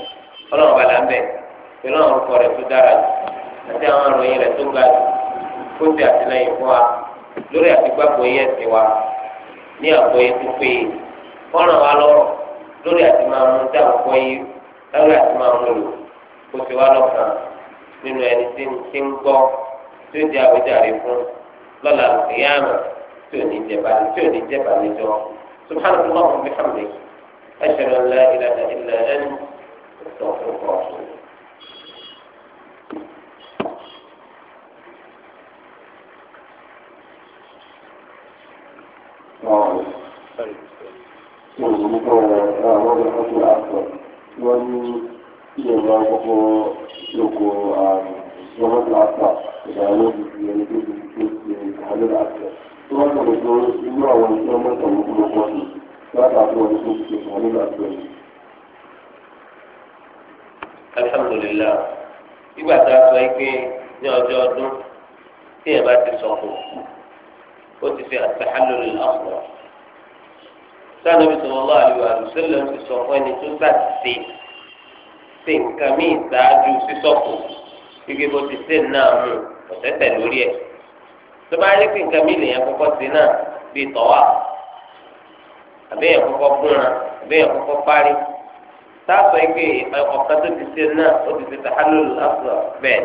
ọlọ́run bàlá ń bẹ̀ pẹ̀lú àwọn ọkọ rẹ̀ tó dára jù àti àwọn ìròyìn rẹ̀ tó ga jù kó ti àtìlẹ́yìn fún wa lórí àtìgbàgbọ́ yẹn ti wa ní àgbọ́yé tó péye kọ́ràn wa lọ́rọ̀ lórí àti máa mú dáhùn kọ́ lórí àti máa mú lò kó ti wá lọ́kàn nínú ẹni tí ń ti ń gbọ́ tí ó di àwíjàre fún lọ́la ìyáàmù tí ò ní jẹba tí ò ní jẹba níjọ subhanahu wa ta'ala bihamdi ashhadu an la ilaha illa anta astaghfiruka wa atubu Thank you. cewa kuma loko a tsohon lasa da wani da ya gudu da hannu da aka tsohon da mutu zuwa wani tsohon mata mutu da kwanu za ta fi wani kuke da hannu da aka alhamdulillah ìgbà tá a sọ yìí pé ní ọjọ́ ọdún tí ẹ bá ti sọ kù ó ti fi àtàlùlù lọ́pọ̀ sáà nàbì sallallahu alaihi wa sallam ti sọ fún ẹni tó bá ti ṣe. ṣe nǹkan míì ṣáájú sísọ̀kù gbígbé bó ti ṣe náà mú ọ̀tẹ́tẹ̀ lórí ẹ̀ tó bá rí pé nǹkan míì lèyàn kọ́kọ́ ṣe náà bíi tọ́wà àbẹ́yẹn kọ́kọ́ gúnra àbẹ́yẹn kọ́kọ́ parí sáàsọ ike ọ̀kan tó ti ṣe náà ó ti ṣe tahallul asghar bẹ́ẹ̀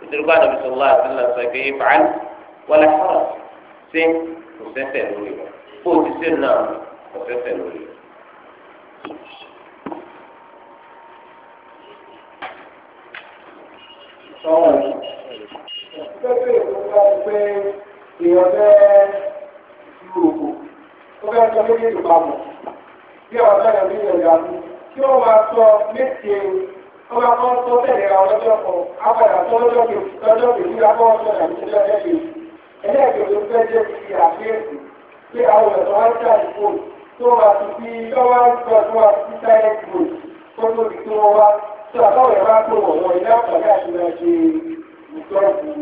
nítorí pé Ànábì sallallahu alaihi wasallam sọ pé ìfàán wala haraj ṣe kò lórí wọn kó o ti ṣe náà kò lórí wọn. ìbámu bí àwọn ọ̀dọ́ ìyàwó ìyàwó ìyàwó tí wọ́n máa sọ méje wọ́n máa kọ́ tó bẹ̀rẹ̀ àwọn ọjọ́ kan apàdà tó lọ́jọ́ kejì lọ́jọ́ kejì lápá ọjọ́ ìyàwó ẹlẹ́ẹ̀kejì fẹ́ jẹ́ ti àfihàn pé àwọn ọ̀dọ́ wá jà ìfò tó máa ti fi lọ́wọ́ sọ fún wa sí silent mode tó tóbi tí wọ́n wá tó àbáwọ̀ ẹ̀ wá pé wọ̀n wọ̀n ilé àpàdé àti máa ṣe ìtọ́jú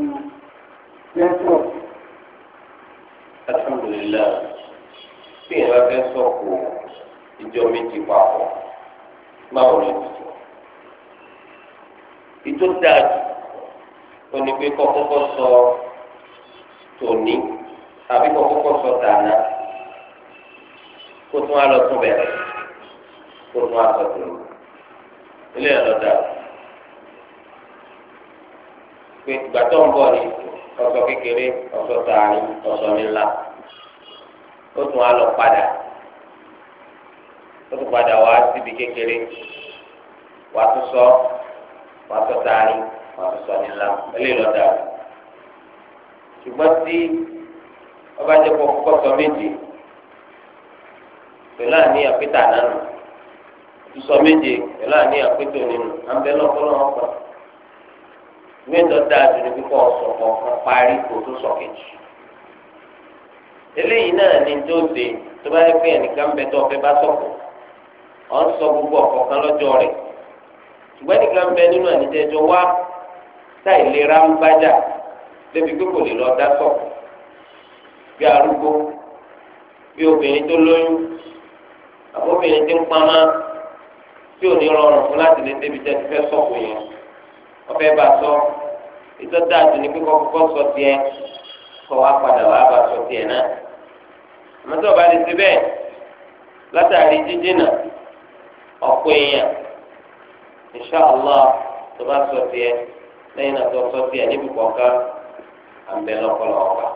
nẹ́tíwọ̀kì. Alhamdulillah tí èèyàn bá fẹ́ sọ̀kò ìjọ méjì papọ̀ báwo ló ti sọ. ìtò dáàbò ó ní pé kọ́kọ́kọ́ sọ tòní tàbí kọ́kọ́kọ́ sọ tàná kó tún á lọ tún bẹ̀rẹ̀ kó tún á sọ tòní. ilé ẹ̀ lọ dáàbò pé ìgbà tó ń bọ̀ ni ọ̀sọ̀ kékeré ọ̀sọ̀ tààrí ọ̀sọ̀ nílá. ó tún á lọ padà ó tún padà wá síbi kékeré wàá tún sọ wàá tún taari wàá tún sọ nílá lọ dà ṣùgbọ́n tí ọba jẹ́ kó kọ́kọ́ sọ méje pẹ̀lú àní àpétà nánu tún sọ méje pẹ̀lú àní àpétò nínú àbẹ̀lọ́kọ́lọ́ wọn pa sọ kejì. eléyìí náà ni tó ṣe tó bá yẹ pé ẹnìkan bẹ tó ọfẹ bá sọkò ọ ń sọ gbogbo ọ̀kọ̀ọ̀kan lọ́jọ́ rẹ̀ ṣùgbọ́n ẹnìkan bẹ nínú àníjẹjọ wá táì lera ń bájà débi pé kò lè lọ dá sọ bí arúgbó bí obìnrin tó lóyún àbóbìnrin tí ń pamá tí ò ní rọrùn fún láti lè débi tẹ́ fẹ́ sọ̀kò yẹn ọfẹ́ bá sọ ìtọ́jú àti ní pé kọ́kọ́ sọ tiẹ̀ kọ́ wa padà wá bá sọ tiẹ̀ náà àmọ́tí ọba lè ti bẹ́ẹ̀ látàrí jíjìnà ọ̀pọ̀ èèyàn inṣàlá tó bá sọ tiẹ̀ lẹ́yìn náà tó sọ tiẹ̀ níbi kọ̀ọ̀kan àbẹ̀lọ́pọ̀lọ́ ọ̀pá.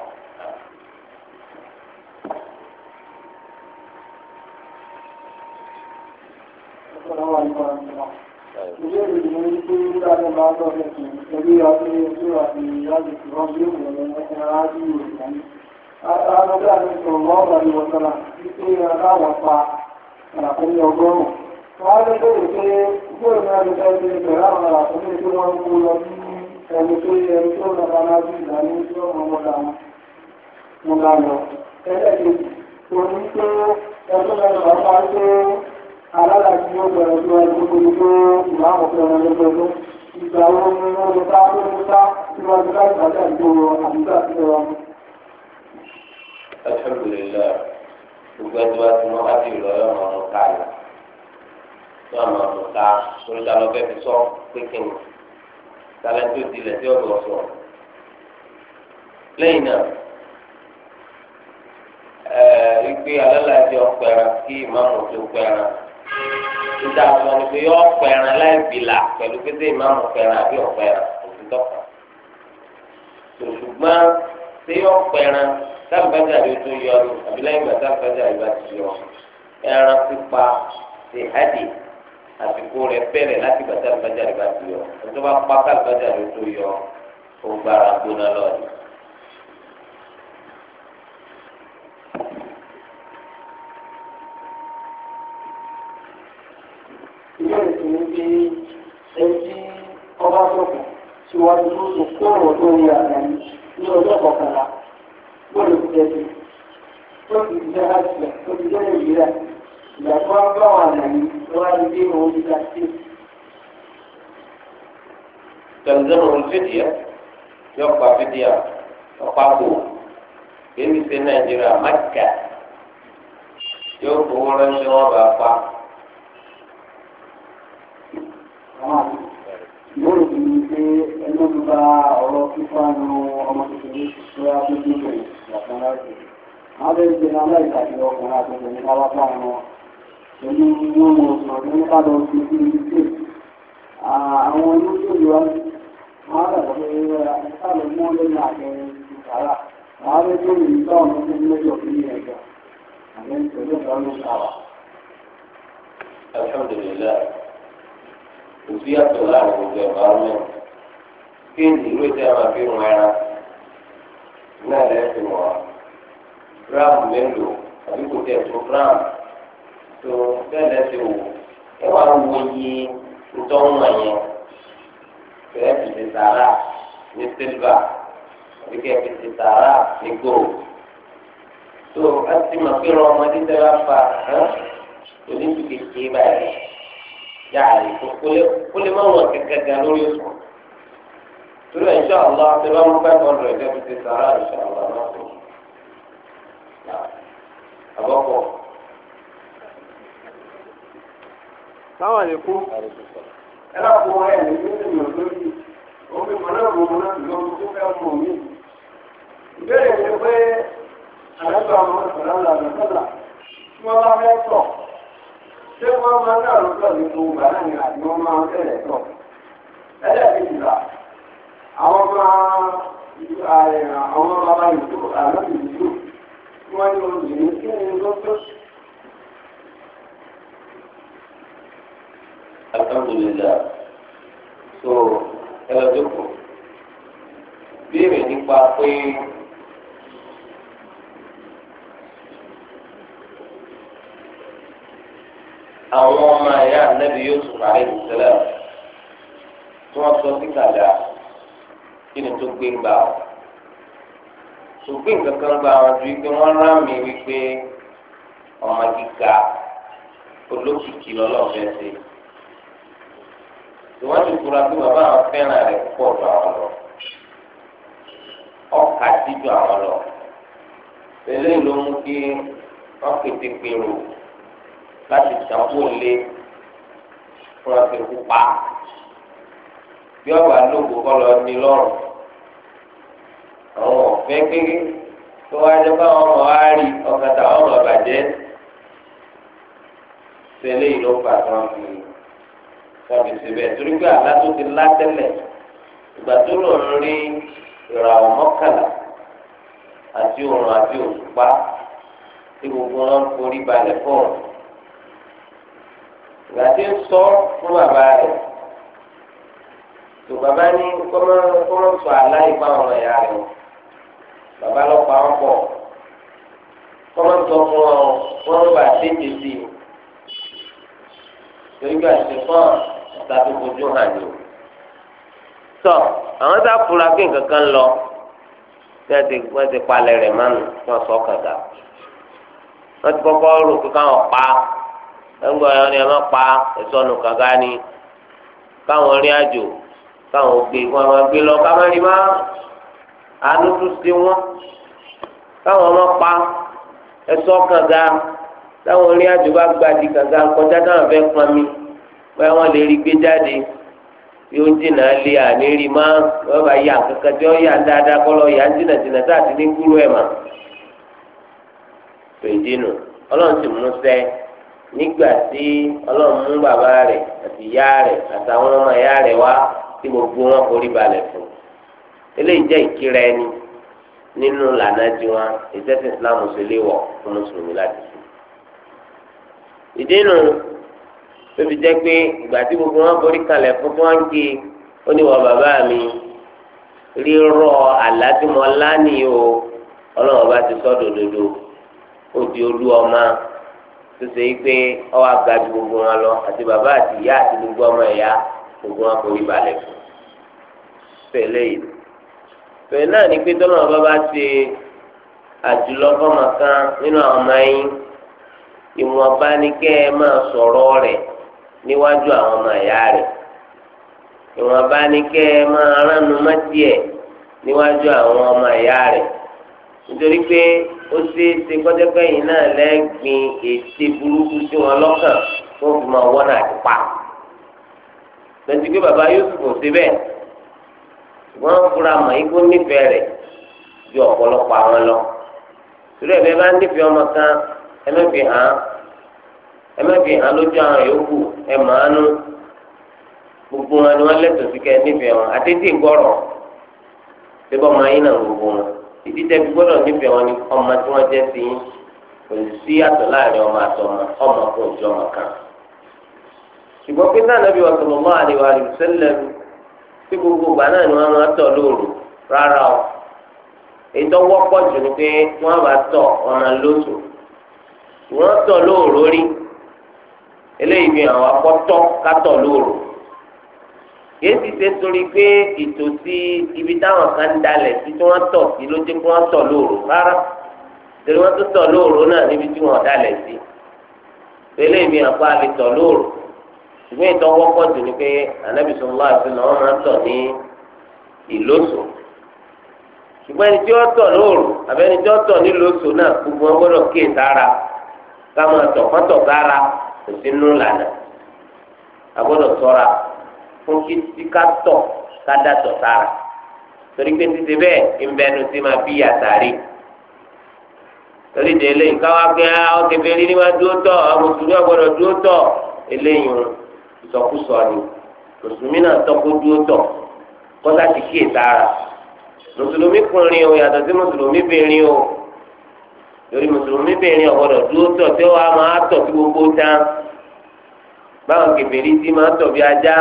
Ìbéèrè ìgbìmọ̀ ní pé bí a lè máa ń lọ sí ìgbìmọ̀ torí ọdún ojú àti ìyáàbí tí wọ́n bí òun lọ ẹ̀ka ráàdì òrìṣà ní. Adájọ́ àti ìṣòro ọ̀gá ni wọ́n sọ̀rọ̀ wípé aláwọ̀ pa àràkúnmí ọgọ́rùn-ún. Wọ́n á lè bèrè pé bóyá ní àdúgbò ẹgbẹ́ ìbẹ̀rẹ̀ àwọn àràkúnmí tí wọ́n ń kó lọ sí ẹni tó yẹ ẹni tó lọ́ba lájú ìlà ní tí wọ́n mọ̀ mọ́ ga lọ. Ẹlẹ́kejì, òun ní pé ẹgbẹ́ mẹ́rin bàbá pé alálàájú ó bẹ̀rẹ̀ sí ẹgbẹ́ gbogbo ìlú àkọ́kọ́ ẹran lọ́gbọ́dún ìgbà wọn ni wọ́n lọ bá tó ń sá síwájú láti bàjẹ́ ìgboro àdúgbò àti ìrọ̀. alhamdulillah gbogbo ẹni wá tí wọn lẹ́yìn náà ẹ ẹ wípé alálàájọ kí ìmáàmù tó pẹ̀ra títà àwọn ni pé yọ pẹ̀ràn láì bìlà pẹ̀lú pété ìmáàmù pẹ̀ràn àbí ọ̀pẹ̀ràn òtítọ́ kan ṣùgbọ́n tí yọ pẹ̀ràn sábàjá yóò tó yọ ni àbí lẹ́yìn ìgbà sábàjá yóò bá ti yọ ẹran pípa ti hádì àsìkò rẹ̀ bẹ̀rẹ̀ láti gbà sábàjá yóò bá ti yọ ẹni tó bá pa sábàjá yóò tó yọ ó gbára gbóná lọ́ọ̀dì. ìwádìí lóṣù kúrò lórí àgbà yìí ní ọjọ́ kọkànlá lórí ìjẹ́bi tó ti jẹ́ àṣìlẹ̀ tó ti jẹ́ nàìjíríà ìyàtọ̀ àgbáwọ̀ àgbà yìí lọ́wọ́ ní òun ti ga sí. tẹ̀lifíṣàn òun fìdíà yọ pa fìdíà ọ̀pá kò kébìsẹ̀ nàìjíríà mákà yóò fowó ránṣẹ́ wọn bá pa. nípa ọ̀rọ̀ fífà nu ọmọ kékeré lórí akéwì bẹ̀rẹ̀ ìyàtọ̀ láti. Wọ́n bẹ̀rẹ̀ àti kéènì ìwé tí a máa fi mọ ara náà lẹ́yìn fi mọ̀ ọ́ gíráàmù mélòó àbí kò tẹ̀ tó gíráàmù tó bẹ́ẹ̀ lẹ́yìn fi wò ẹ wá wo iye ntọ́wọ̀n yẹn bẹ́ẹ̀ fi ti sàrà ní sílvà àbí kẹ́ fi ti sàrà ní góòlù tó a ti mọ̀ pé ọmọdé tẹ́ bá fa oníṣù kékeré báyìí yáa lè kó kólé má wọ̀ kẹ́kẹ́ gan lórí oṣù. torí ẹ̀ṣọ́ àlọ́ àti lọ́wọ́ five hundred ẹ̀ṣẹ́ ti na ẹ̀ṣọ́ àlọ́ àlọ́kọ̀ àbọ̀kọ̀. sáwọn àlékú. ẹ lọ kó ẹ ní nínú ìmọ̀ lórí omi mọ̀nàmù mọ̀nàmù tó fẹ́ mọ̀ mí. ìbéèrè mi pé àlẹ́kọ̀ àwọn tí wọ́n bá fẹ́ sọ̀ ṣé wọ́n máa ń dàrú sọ̀ wọ́n máa ń tẹ̀lé sọ̀ ẹlẹ́ẹ̀kejì àwọn ọmọ àwọn bàbá ìlú àlọ́bì ìlú wọ́n ní obìnrin kí ni lọ́tọ́. alhamdulilayi so ẹ lọ dọkọ béèrè nípa pé. àwọn ọmọ ẹ̀yà nẹ́bí Yusuf alayhi salam tí wọ́n sọ sí kàdá kí ni tó gbé gbà ọ ṣùgbọ́n kankan gba àwọn ju pé wọ́n rán mi wípé ọmọ kíkà olókìkí lọ́lọ́fẹ́ sí tí wọ́n ti kura pé bàbá àwọn fẹ́ràn rẹ̀ pọ̀ ju àwọn lọ ọkà sí ju àwọn lọ eléyìí ló mú kí wọ́n kété pérò láti sanwó lé fún ọ̀sẹ̀ pupa bí ọ̀wà lóògùn kọ́ lọ ní lọ́rùn àwọn ọ̀fẹ́ kéke tó wá jẹ́ báwọn ọmọ wa rí ọkàn táwọn ọmọ bàjẹ́ tẹ́lẹ̀ yìí ló fà tó ń fi tọ́bi síbẹ̀ torí pé àlá tó ti lá tẹ́lẹ̀ ìgbà tó lò ń rí ìràwọ̀ mọ́kànlá àti òrùn àti òṣùpá tí gbogbo wọn forí balẹ̀ fún ìgbà tí ń sọ fún bàbá rẹ̀ tó bàbá ní kọ́mọ́ sọ àlá ọ̀rọ̀ ìyá rẹ̀ wọ̀ bàbá lọ́pàá wọn pọ̀ kọ́mọ́ sọ fún ọ wọ́n ń bà tètè sí i torí bí àṣepọ̀ ọ̀tá tó fojú hàn ní. sọ àwọn tá a fura pé nǹkan kan lọ tí wọ́n ti wọ́n ti palẹ̀ rẹ̀ mánu tí wọ́n sọ kàkà wọ́n ti kọ́kọ́ rò pé káwọn pa ẹgbẹ́ ọ̀yọ́ ni ẹ má pa ẹ̀sọ́nù kàkà ni káwọn rí àjò káwọn gbé wọn gbé lọ káwọn máa. àánú tún sí wọn káwọn ọmọ pa ẹsọ kànga táwọn orí àjò bá gbàdí kànga kọjá táwọn fẹ́ pọn mi báyà wọn lè rí gbé jáde yóò jìnnà lé àníri má wọn bá yà kankan tí wọn yà dáadáa kọlọ yà jìnnà jìnnà tá àti ní kúrú ẹ mà tó ìdí sì mú sẹ nígbà tí mú bàbá àti ìyá àtàwọn ọmọ ìyá wá tí gbogbo wọn forí fún un. eléyìí jẹ́ ìkíra ẹni nínú lànà tiwọn ìtẹ́sí islam ṣe léwọ̀ fún mùsùlùmí láti sùn. ìdínú tó fi jẹ́ pé ìgbà tí gbogbo wọn borí kalẹ̀ fún tí wọ́n ń gé ó ní wọ́n bàbá mi rírọ̀ àlá tí o ọlọ́run bá ti sọ dòdòdò ó di olú ọmọ tó ṣe pé ọwọ́ àgbà ju gbogbo wọn lọ àti bàbá àti ìyá àti gbogbo ọmọ ẹ̀yà gbogbo wọn kò rí balẹ̀ fún. pẹ̀lẹ́ pẹ̀lú náà ni pé tọ́lọ́mọ bá bá ṣe àjùlọ fọmọ kan nínú àwọn ọmọ yín ìwọ̀nba ni kẹ́ ẹ máa sọ̀rọ̀ rẹ̀ níwájú àwọn ọmọ ìyá rẹ̀ ìwọ̀nba ni kẹ́ ẹ máa ránu mọ́tì ẹ̀ níwájú àwọn ọmọ ìyá rẹ̀ nítorí pé ó ṣeé ṣe kọ́jọ́pẹ́ yìí náà lẹ́gbìn ète burúkú sí wọn lọ́kàn fún ìgbìmọ̀ wọn àti pa lọ́sibí bàbá Yusuf ò ṣe bẹ́ẹ̀ ṣùgbọ́n wọ́n fura mọ̀ igbó nífẹ̀ẹ́ rẹ̀ ju ọ̀pọ̀lọpọ̀ àwọn lọ. torí ẹ̀ bẹ́ẹ̀ bá nífẹ̀ẹ́ ọmọ kan ẹ má fi hàn ẹ má fi hàn lójú àwọn yòókù ẹ màánú gbogbo wọn ni wọ́n lẹ́tọ̀ọ́ sí kẹ́ nífẹ̀ẹ́ wọn àtẹ́tẹ́ gbọ́rọ̀ ṣé bọ́ máa yín náà gbogbo wọn ìdí tẹ́bi gbọ́dọ̀ nífẹ̀ẹ́ wọn ni ọmọ tí wọ́n jẹ́ sí yín kò sí àtọ̀ láàrin ọmọ àtọmọ ọmọ kò jọ ọmọ kan ṣùgbọ́n pé náà tí gbogbo ìgbà náà ni wọ́n máa tọ̀ lóru rárá o èyí tó wọ́pọ̀ jù ni pé wọ́n bá tọ̀ ọ̀nà lóṣù wọ́n tọ̀ lóru rí eléyìí fi hàn wá kọ́tọ́ kátọ̀ lóru yéé ti ṣe torí pé ìtòsí ibi táwọn kan dalẹ̀ sí tí wọ́n tọ̀ sí ló jẹ́ kí wọ́n tọ̀ lóru rárá torí wọ́n tó tọ̀ lóru náà níbi tí wọ́n dalẹ̀ sí eléyìí fi hàn pé a lè tọ̀ lóru ṣùgbọ́n ìtọ́ wọ́pọ̀ jù ni pé anabi sallallahu alaihi wasallam máa ń tọ̀ ní ìlóso ṣùgbọ́n ẹni tí ó tọ̀ lóòrù àbẹ́ ẹni tí ó tọ̀ nílòóso náà gbogbo wọn gbọ́dọ̀ kíyè sára ká máa tọ̀ kọ́tọ̀ sára kò sí nú lànà a gbọ́dọ̀ ṣọ́ra fún kí ká tọ̀ ká dá tọ̀ sára torí pé títí bẹ́ẹ̀ ń bẹnu sí máa bí àtàrí torí de eléyìí káwá pé ọkẹ́ ah, fẹ́ẹ́ rí ni wọ́n dúró tọ̀ àwọn mùsùlùmí ọ̀gbọ́dọ̀ dúró tọ̀ eléyìí ìsọkúsọ ni mùsùlùmí náà tọ́kú dúró tọ̀ kọ́sá ti kí ìtara mùsùlùmí kùnrin o yàtọ̀ sí mùsùlùmí bìnrin o lórí mùsùlùmí bìnrin ọ̀gbọ́dọ̀ dúró tọ̀ tí wàá máa tọ̀ sí gbogbo tán báwọn kẹfìrí ti máa tọ̀ bí ajá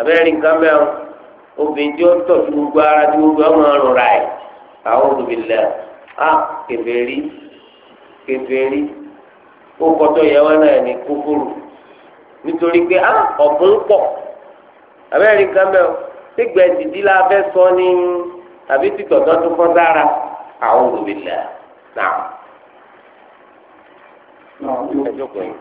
abẹ́rẹ́ nǹkan mẹ́rin obìnrin tí ó tọ̀ sí gbogbo ara tí gbogbo ọmọ ọrùn rà ẹ̀ àwọn olùbílẹ̀ á kẹfìrí kẹfìrí ó kọ́tọ̀ yẹ wọn náà ní kúkúrú nítorí pé á ọ̀bùn pọ̀ abẹ́rẹ́ nǹkan bẹ́ẹ̀ sígbẹ́ dìdí la fẹ́ sọ ní tàbí títọ̀ tó tún fọ́n sára àwọn olùbílẹ̀ náà. ẹ jókòó yìí.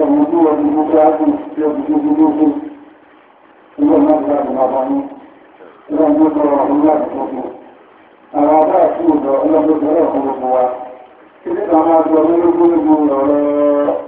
ẹ̀yin tí wọ́n ti gbogbo àgùn tí wọ́n ti gbogbo gbogbo ìwé náà ti láti máa bá yín ìwọ́n tó sọ̀rọ̀ ọ̀hún láti gbogbo àwọn abá àti òdò ọlọ́gbọ́sọ̀rọ̀ ọ̀hún gbogbo wa kí ni àwọn àti ọ̀hún gbogbo ọ̀rọ̀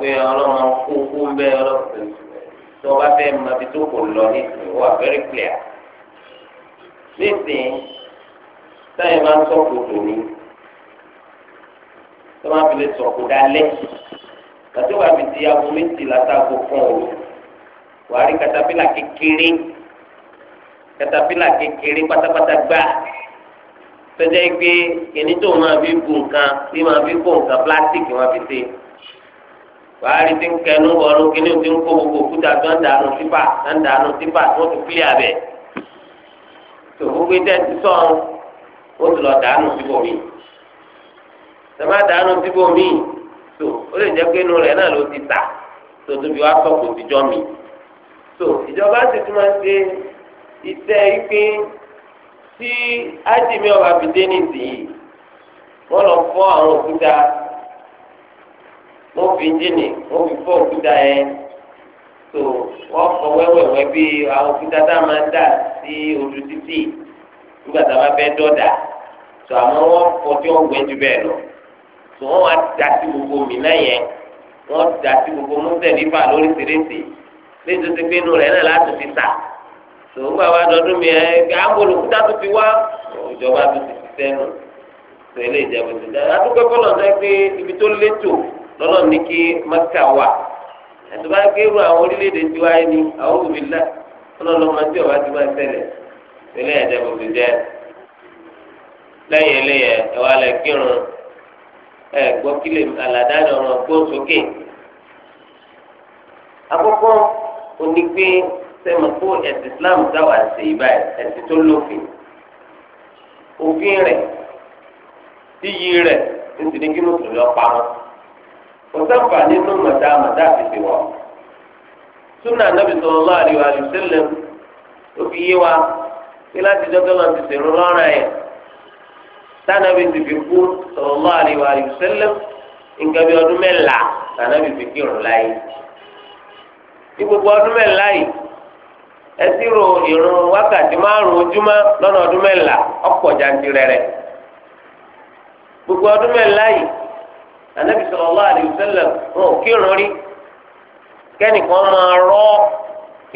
pé ọlọ́mọ kú kú ń bẹ́ ọlọ́mọ tó o bá fẹ́ mọ ibi tó kò lọ ní ìsìn wà very clear. nísìnyí táyà máa ń sọ̀kò tòní tó máa fi lè sọ̀kò dálẹ́ tàbí wàá fi di aago méjì látàgò fún òru wàá rí katapila kékeré katapila kékeré pátápátá gbáà tọ́jà yìí pé kìnní tó máa fi gùn kan bí máa fi gùn kan pílásìkì máa fi ṣe wàhálì tí ń kẹnu ọ̀run kìíní tí ń kó gbogbo òkúta tó ń dànù sípà tó ń dànù sípà tó ti pílẹ̀ abẹ. tó gbogbo ìtẹ́ ti sọ̀n ó ti lọ dànù síbò mí. sọ́mà dànù síbò mí tó ó lè jẹ́ pé inú rẹ̀ náà ló ti tà tó tóbi wá sọ̀kò òtijọ́ mi. tó ìjọba ti tún máa ṣe iṣẹ́ ìpín tí ájìmí ọba fìdé nìsín wọ́n lọ fọ́ àwọn òkúta wọ́n fi ńjìnì wọ́n fi fọ́ òkúta yẹn tó wọ́n fọ wẹ́wẹ́wẹ́ bí àwọn òkúta tá a máa ń dà sí ojú títì nígbà tá a bá fẹ́ dọ́dà tó àmọ́ wọ́n fọ tí wọ́n gbẹ́jú bẹ́ẹ̀ lọ tó wọ́n wá da sí gbogbo mìíràn yẹn wọ́n da sí gbogbo mọ́tẹ́ nípa lóríṣiríṣi léṣe ti pé inú rẹ̀ náà láti fi tà tó ń bá wa dọdún mi ẹ àgbòlò òkúta tó fi wá ìjọba tó ti fi sẹ́nu tó ilé ìjẹun ti dá àdúgbò kọ́lọ̀ náà pé ibi tó lọ́nà ní kí mẹ́kà wà ẹ̀tọ́ bá gbérù àwọn orílẹ̀-èdè tí wáyé ni àwọn òbí là ọlọ́run ọmọ tí ọba ti bá ṣẹlẹ̀ ilé ẹ̀jẹ̀ bòbí jẹ́ lẹ́yìn eléyẹ ẹ̀wà lẹ̀ kírun ẹ̀ gbọ́ kílè aládàáni ọ̀ràn gbó sókè àkọ́kọ́ onígbé sẹ́mu fún ẹ̀sìn Islam dáwà ṣe ìbá ẹ̀sìn tó lófin òfin rẹ̀ tíyì rẹ̀ nítorí kí mùsùlùmí ọ̀pá wọn ọ̀sẹ̀fà nínú mọ̀tá mọ̀tá àfìsè wọ̀. súnà anábì sallallahu alaihi wa sallam ó fi yé wa pé láti dọ́kẹ́ lọ́n ti sèrú lọ́rùn ẹ̀ tànàbì ti fi kú sallallahu alaihi wa sallam nǹkan bí ọdún mẹ́la tànàbì fi kírun láyé. ní gbogbo ọdún mẹ́la yìí ẹ ti ro ìrun wákàtí márùn-ún ojúmọ́ lọ́nà ọdún mẹ́la ọ̀pọ̀ jàǹtirẹrẹ gbogbo ọdún mẹ́la yìí anabi sallallahu alaihi wasallam wọn ò kírun rí kẹ́nìkan máa rọ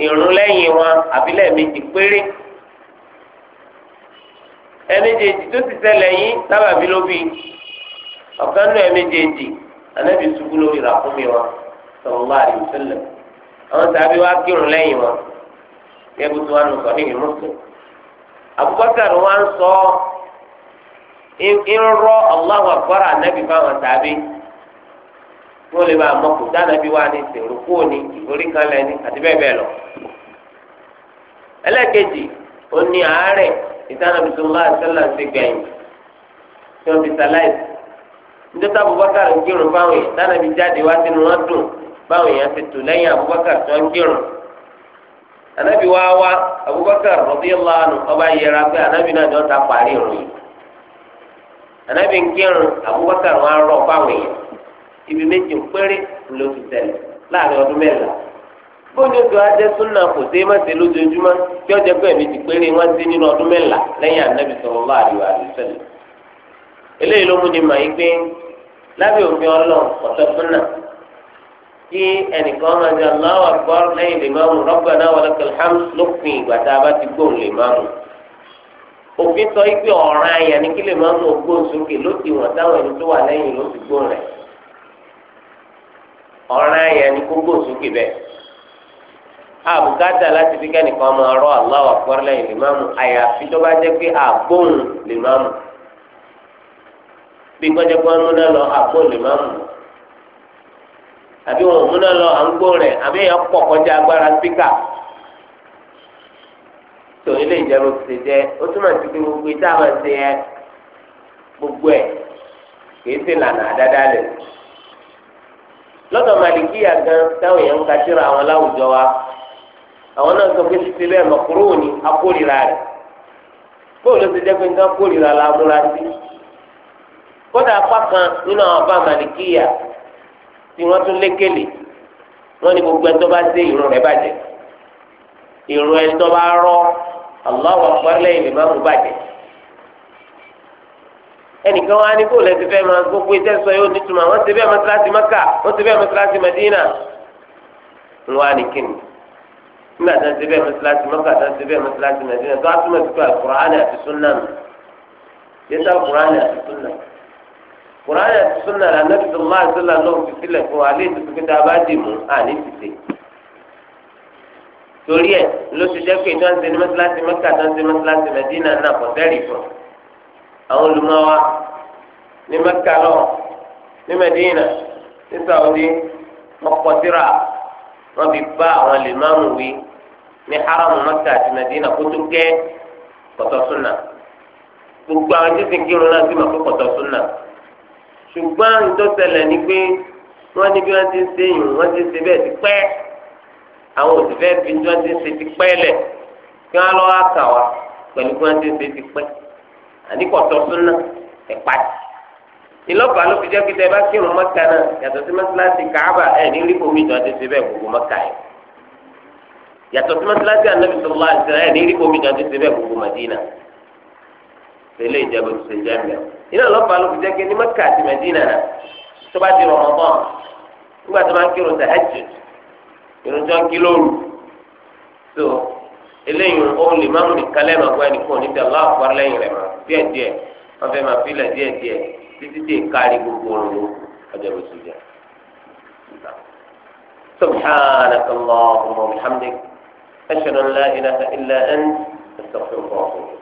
ìrun lẹ́yìn wọn àbí lẹ́ẹ̀mejì péré ẹ̀mejèèjì tó ti ṣẹlẹ̀ yìí sábàbí ló bí ọ̀kan nù ẹ̀mejèèjì anabi ṣubú lórí ràkúnmí wọn sallallahu alaihi wasallam àwọn sábẹ́ wa kírun lẹ́yìn wọn yẹ́n bó tó wà nù sọ ní ìmúṣẹ Abubakar wa ń sọ irọ́ Allahu Akbar anabi fáwọn tàbí kí wọ́n lè bá àmọ́ dánabi wá ní sèrò kó ní ìforí kan lẹ́ni àti bẹ́ẹ̀ bẹ́ẹ̀ lọ. ẹlẹ́kejì ó ní àárẹ̀ ìdánabi gbẹ̀yìn tí wọ́n fi nítorí Abubakar ń kírun báwọn yẹn dánabi jáde wá sínú wọn dùn báwọn Abubakar ń kírun anabi Abubakar ọba yẹra pé anabi náà ni wọ́n ta parí ìròyìn. anabi ń kírun abubakar wọn arọ fáwọn èèyàn ibi méjì péré ló ti tẹ́lẹ̀ láàrin ọdún mẹ́la bóyá ma ajẹ súnà kò sí mọ̀tẹ lójoojúmọ́ tí ọjọ́ pé méjì péré wọ́n ti nínú ọdún mẹ́la lẹ́yìn anabi sọ̀rọ̀ bá eléyìí ló mú ni yí pé lábẹ́ òfin ọlọ́run ọ̀tọ̀ súnà kí ẹnìkan àgbọ̀ lẹ́yìn lè máa mú lópin ìgbà tá a bá ti òfin sọ yìí pé ọ̀ràn ayà ni kí lè máa ń mú ogbó sókè ló ti táwọn ẹni tó wà lẹ́yìn ló ti gbó rẹ̀ ọ̀ràn ayà ni kó gbó sókè bẹ́ẹ̀ àbùkátà láti fi kẹ́nìkan máa rọ Allahu Akbar lẹ́yìn lè máa mú àyàfi tó bá jẹ́ pé àgbóhùn lè máa mú bí gbọ́dọ̀ pé wọ́n múná lọ àgbóhùn lè máa mú àbí wọn múná lọ à rẹ̀ àbí èèyàn pọ̀ kọjá agbára spíkà. tó ilé ìjẹun ti jẹ ó túmọ̀ sí pé gbogbo ìta máa ṣe ẹ gbogbo ẹ kìí ṣe lànà àdáda lẹ lọ́dọ̀ màlìkíyà gan táwọn èèyàn ń ka síra àwọn láwùjọ wa àwọn náà sọ pé títí bẹ́ẹ̀ mọ̀kúrò ní akórira rẹ̀ bóòlù ló ti jẹ́ pé nǹkan kórira la múra sí kódà apá kan nínú àwọn ọba màlìkíyà tí wọ́n tún wọ́n ní gbogbo ẹ̀ tó ìrò ẹtọ bá rọ aláwọ pẹlẹ ìmọ̀ bàjẹ́ ẹnìkan wá ní kó lẹsẹ fẹ máa gbogbo iṣẹ́ sọ yóò nítumọ̀ wọn ti bẹ́ẹ̀ mọ́sálásí mẹka wọn ti bẹ́ẹ̀ mọ́sálásí mẹdínà ńwá ní kíni nígbà tí wọn ti bẹ́ẹ̀ mọ́sálásí mẹka tí wọn ti bẹ́ẹ̀ mọ́sálásí mẹdínà tó a túmọ̀ sí pé àkùránì àti súnà nù yẹtà àkùránì àti súnà àkùránì àti súnà lànà bisalòmá àti sọlá lọ́wọ́ fi sílẹ̀ fún wa alẹ́ ìtòsókè tá a bá dì mú àní ti sè torí ẹ ló ṣiṣẹ́ pé tó ń ṣe ní mọ́sálásí mẹ́kà tó ń ṣe mọ́sálásí mẹ́dínà náà kò sẹ́rì fún àwọn olùmọ́wá ní mẹ́kà lọ ní mẹ́dínà ní sàwọ́dí ọkọ̀tìrà wọ́n fi bá àwọn lèmáàmù wí ní haramu mẹ́kà àti mẹ́dínà kó tó gẹ́ kọ̀tọ̀súnà gbogbo àwọn tí ti kírun náà sì mọ̀ pé kọ̀tọ̀súnà ṣùgbọ́n ìtọ́sẹ̀lẹ̀ ni pé wọ́n ní bí wọ́n ti ń ṣe àwọn òṣìfẹ́ fi tí wọ́n ti ń ṣe ti pẹ́ lẹ̀ kí wọ́n lọ́wọ́ kà wá pẹ̀lú bí wọ́n ti ń ṣe ti pẹ́ àníkọ̀tọ́ súnà ẹ̀pá tì ìlọ́pà ló fi jẹ́ pé tẹ bá kírun mọ́ta náà yàtọ̀ sí mọ́tíláṣí káábà ẹ̀ ní rí bomi ìjọ ti ṣe bẹ́ẹ̀ gbogbo mọ́ta yẹn yàtọ̀ sí mọ́tíláṣí ànábì sọ̀rọ̀ àti ẹ̀ ní rí bomi ìjọ ti ṣe bẹ́ẹ̀ gbogbo mọ́dínà tẹ́lẹ̀ ìjẹ́bù tó ṣe jẹ́ mẹ́rin iná ló fi jẹ́ pé ní mọ́tíkà àti mẹ́dínà náà tó bá di rọ̀mọ́bọ́n nígbà tó máa kírun tẹ̀ hajj ìrúnjọ́ kílóòrù tó eléyìí òun lè máa ń rìn kálẹ̀ máa gbọ́ ẹnìkan níbi aláwọ̀ fún alẹ́yìn rẹ̀ máa díẹ̀ díẹ̀ wọ́n fẹ́ máa filẹ̀ díẹ̀ díẹ̀ títí tí kárí gbogbo ọ̀run ọjọ́ bó ti jẹ́. سبحانك اللهم وبحمدك أشهد أن لا إله إلا أنت أستغفرك وأتوب